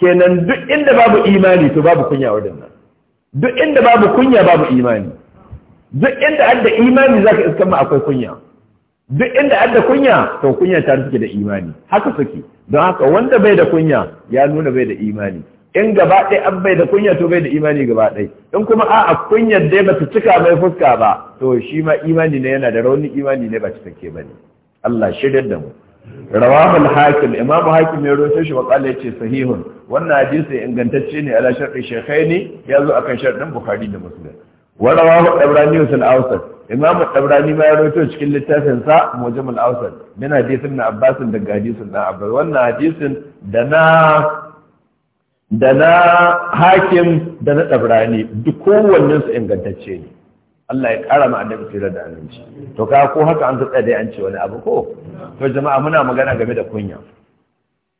Speaker 1: kenan duk inda babu imani to babu kunya waɗannan duk inda babu kunya babu imani duk inda an da imani zaka iska ma akwai kunya duk inda an da kunya to kunya ta suke da imani haka suke don haka wanda bai da kunya ya nuna bai da imani in gaba ɗaya an bai da kunya to bai da imani gaba ɗaya in kuma a'a kunyar dai bata cika mai fuska ba to shi ma imani ne yana da rauni imani ne ba cikakke bane Allah shiryar da mu rawahul hakim imam hakim ya rawaito shi wa ya ce sahihun wannan hadisi ingantacce ne ala ne shaykhaini yazo akan sharɗin bukhari da muslim ورواه الطبراني في الأوسط إمام الطبراني ya يرويته cikin littafin sa Mujam al-Awsat min hadith ibn Abbas daga hadith ibn Abbas wannan hadisin da na da na hakim da na tabrani duk kowannen su ingantacce ne Allah ya ƙara ma annabi tsira da aminci to ka ko haka an tsada dai an ce wani abu ko to jama'a muna magana game da kunya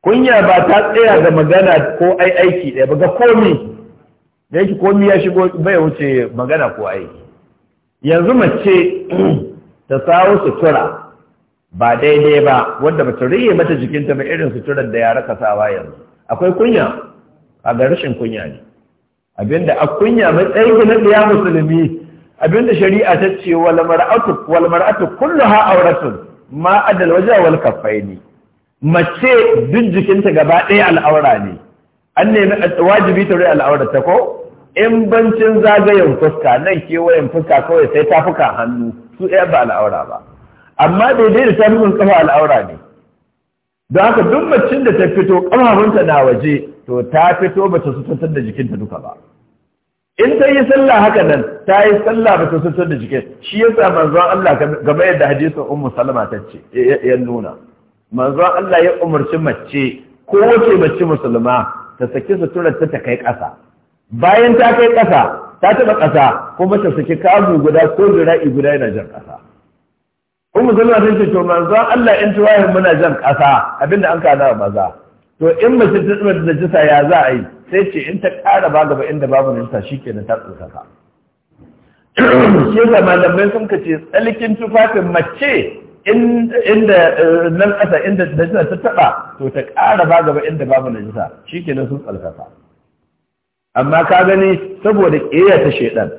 Speaker 1: kunya ba ta tsaya ga magana ko ai aiki ɗaya ba ga komi da yake komi ya shigo bai wuce magana ko aiki yanzu mace ta sawo sutura ba daidai ba wanda ba ta rige mata jikinta ba irin suturar da ya raka sawa yanzu akwai kunya a ga rashin kunya ne abinda a kunya matsayin na ɗaya musulmi abinda shari'a ta ce wal mar'atu wal mar'atu kulluha awratun ma adal wajha wal kaffaini mace duk jikinta gaba ɗaya al'aura ne an nemi wajibi ta rai al'aurata ko in bancin zagayen fuska nan kewayen fuska kawai sai fuka hannu su ɗaya ba al'aura ba amma daidai da tafukan kafa al'aura ne don haka duk macin da ta fito ƙafafunta na waje to ta fito ba ta sutantar da jikinta duka ba in ta yi sallah haka nan ta yi sallah ba ta sutantar da jikin shi yasa manzon Allah game yadda hadisin ummu salama ta ce ya nuna manzon Allah ya umarci mace ko wace mace musulma ta saki suturar ta ta kai ƙasa bayan ta kai ƙasa ta taɓa ƙasa kuma ta saki kazu guda ko jira'i guda yana jan ƙasa mu zama ta ce to manzon Allah in ci wayar muna jan ƙasa abinda an kana maza to in mace ta tsima da jisa ya za a yi sai ce in ta ƙara ba gaba inda babu nisa na ta tsaka shi yasa malamai sun ce tsalikin tufafin mace inda eh, nan ƙasa inda najisa ta taɓa to ta ƙara ba gaba inda babu najisa shi kenan sun tsalkaka amma ka gani saboda ƙeya ta shaiɗan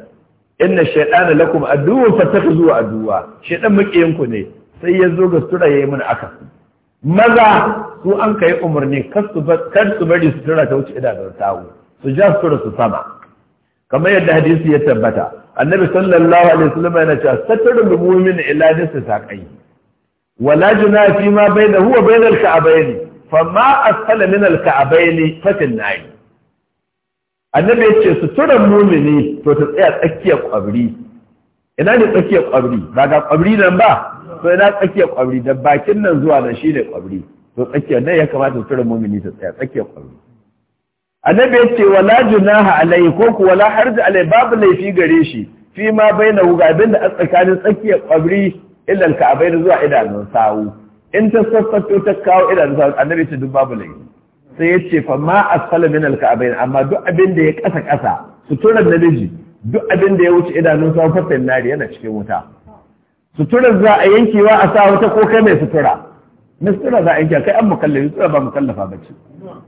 Speaker 1: inna shaiɗana lakum aduwwan zuwa aduwa shaiɗan maƙiyanku ne sai ya zo ga sutura yi mana aka maza su an kai umarni kar su bari sutura ta wuce idanun tawo su ja sutura su sama kamar yadda hadisi ya tabbata annabi sallallahu alaihi wasallam yana cewa satarul mu'min ila nisa saqai wala juna fi ma bai da huwa bai da alka'abaini famma asfala min alka'abaini fatin nayi annabi ya ce suturan mumini to ta tsakiyar kwabri ina ne tsakiyar kwabri ba ga kwabri nan ba to ina tsakiyar kwabri da bakin nan zuwa nan shine kwabri to tsakiyar nan ya kamata suturan mumini ta tsaya tsakiyar kwabri
Speaker 2: annabi ya ce wala
Speaker 1: alai ko ku alai babu laifi gare shi fi ma bainahu ga abinda a tsakanin tsakiyar kwabri idan ka abai zuwa idanun sawu in ta sassato ta kawo idanun sawu annabi ce duk babu laifi sai ya ce fa ma asfala min ka'bayn amma duk abin da ya kasa kasa suturar namiji duk abin da ya wuce idanun sawu fatin nari yana cikin wuta suturar za a yankewa a sa wata ko kai mai sutura na za a yanke kai an mukallafi sutura ba mukallafa ba ce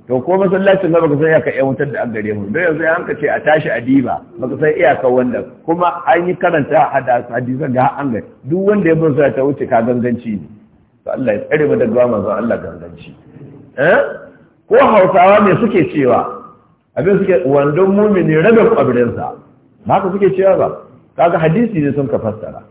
Speaker 1: to ko masallacin ba baka sai iyakar yan da an gare mu don yanzu an ka ce a tashi a diba baka sai iyaka wanda kuma an yi karanta a hadisan ga an gare duk wanda ya bin ta wuce ka ganganci ne to Allah ya tsare mu daga manzon Allah ganganci eh ko Hausawa me suke cewa abin suke wandon mumini rabin kabirinsa ba ka suke cewa ba kaga hadisi ne sun ka fassara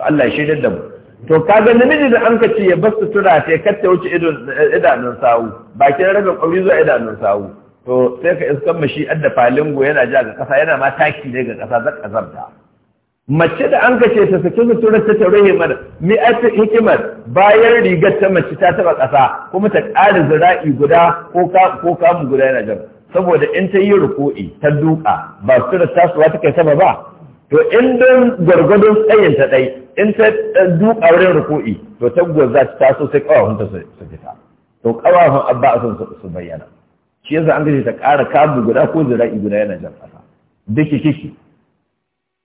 Speaker 1: Allah ya shaidar da mu to kaga namiji da an ka ce ya bar sutura ta ya katta wuce eh, idanun sawu bakin raga ƙwari zuwa idanun sawu to sai ka iskan mashi adda falingo yana ja ga kasa yana ma taki ne ga kasa za zabta mace da an ka ce ta saki sutura ta tare himar mi ta hikimar bayan rigar ta mace ta taba kasa kuma ta ƙara zira'i guda ko kamu guda yana jan saboda in ta yi ruku'i ta duka ba su tasowa suwa ta kai sama ba to in don gwargwadon tsayin ta ɗai in ta duka wurin ruku'i to ta gwarza ta taso sai kawafin ta su fita to kawafin abba a son su bayyana shi yasa an gaji ta ƙara kabu guda ko zira'i guda yana jan ƙasa diki kiki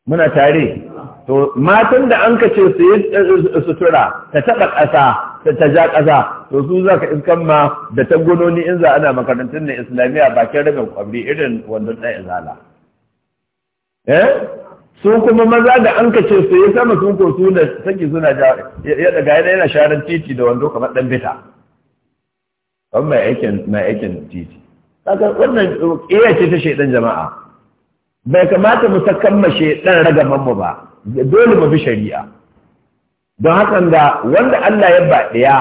Speaker 1: muna tare to matan da an kace su yi eh, sutura ta taɓa ƙasa ta ja ƙasa to su za ka iskan ma da gononi in za ana makarantun na islamiyya bakin rabin kwabri irin wandon ɗaya zala eh su kuma maza da an kace su ya sama sun ko su da saki suna ya daga yana yana sharan titi da wando kamar dan bita an mai aikin mai aikin titi kaga wannan iya ce ta shedan jama'a bai kamata mu sakan ma shedan ragaman mu ba dole mu bi shari'a don haka da wanda Allah ya ba daya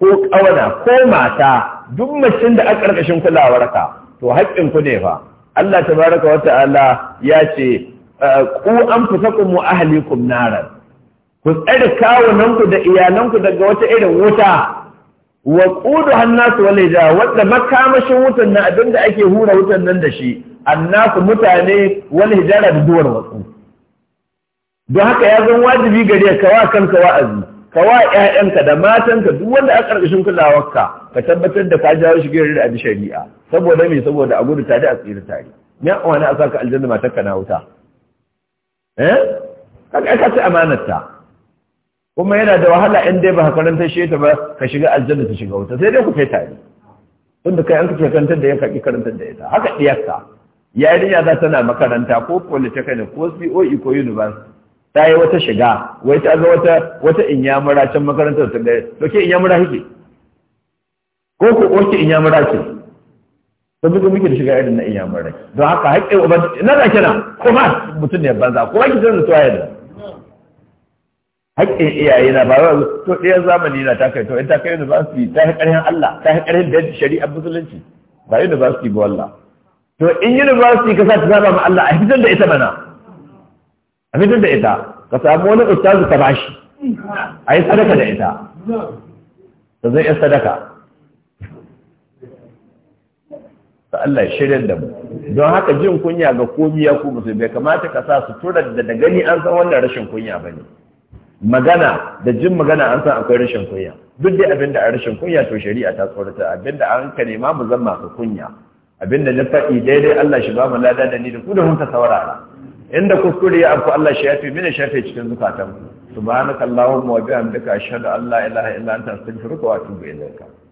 Speaker 1: ko ƙawana ko mata duk mutum da aka karkashin kulawar kulawarka to haƙƙin ku ne fa Allah tabaraka wa ta'ala ya ce ku fita wa ahlikum naran ku tsare kawunanku da iyalanku daga wata irin wuta wa qudu hannasu wal hijara wanda makamashin wutan na abinda ake hura wutan nan da shi annasu mutane wani hijara da duwar wasu don haka ya zan wajibi gare ka wa kanka wa'azi ka wa ƴaƴanka da matanka duk wanda a ƙarƙashin kulawarka ka tabbatar da ka jawo shi gare da shari'a saboda me saboda a gudu tare a tsira tare me wani a saka aljanna matarka na wuta eh kaga ka ci ta kuma yana da wahala in dai ba ka karanta shi ta ba ka shiga aljanna ta shiga wuta sai dai ku kai tare tunda kai an kace karantar da ya kaki karantar da ita haka Ya yarinya za tana makaranta ko polytechnic ko COE ko university ta yi wata shiga wai ta ga wata wata inyamura can makarantar ta ga to ke inyamura hike ko ko ko ke inyamura ce saboda muke da shiga irin na inyamurai don haka haƙƙin ubangiji na da kina kuma mutum ne banza kuma ki san zuwa yadda haƙƙin iyaye na ba to ɗayan zamani na ta kai to in ta kai university ta yi ƙarfin Allah ta yi ƙarfin da shari'a musulunci ba university ba wallah to in university ka sa ta zama ma Allah a fitar da ita bana. a fitar da ita ka samu wani ustazu ka bashi a yi sadaka da ita ta zai yi sadaka ta Allah shirin da mu don haka jin kunya ga komiya ku musu bai kamata ka sa su da da gani an san wannan rashin kunya bane magana da jin magana an san akwai rashin kunya duk dai abinda a rashin kunya to shari'a ta tsorata abinda an ka nema mu zan ka kunya abinda na faɗi daidai Allah shi ba mu lada da ni da ku da mun ka saurara inda kuskure ya afku Allah shi ya fi mini shafe cikin zukatan subhanakallahumma wa bihamdika ashhadu an la ilaha illa anta astaghfiruka wa atubu ilayka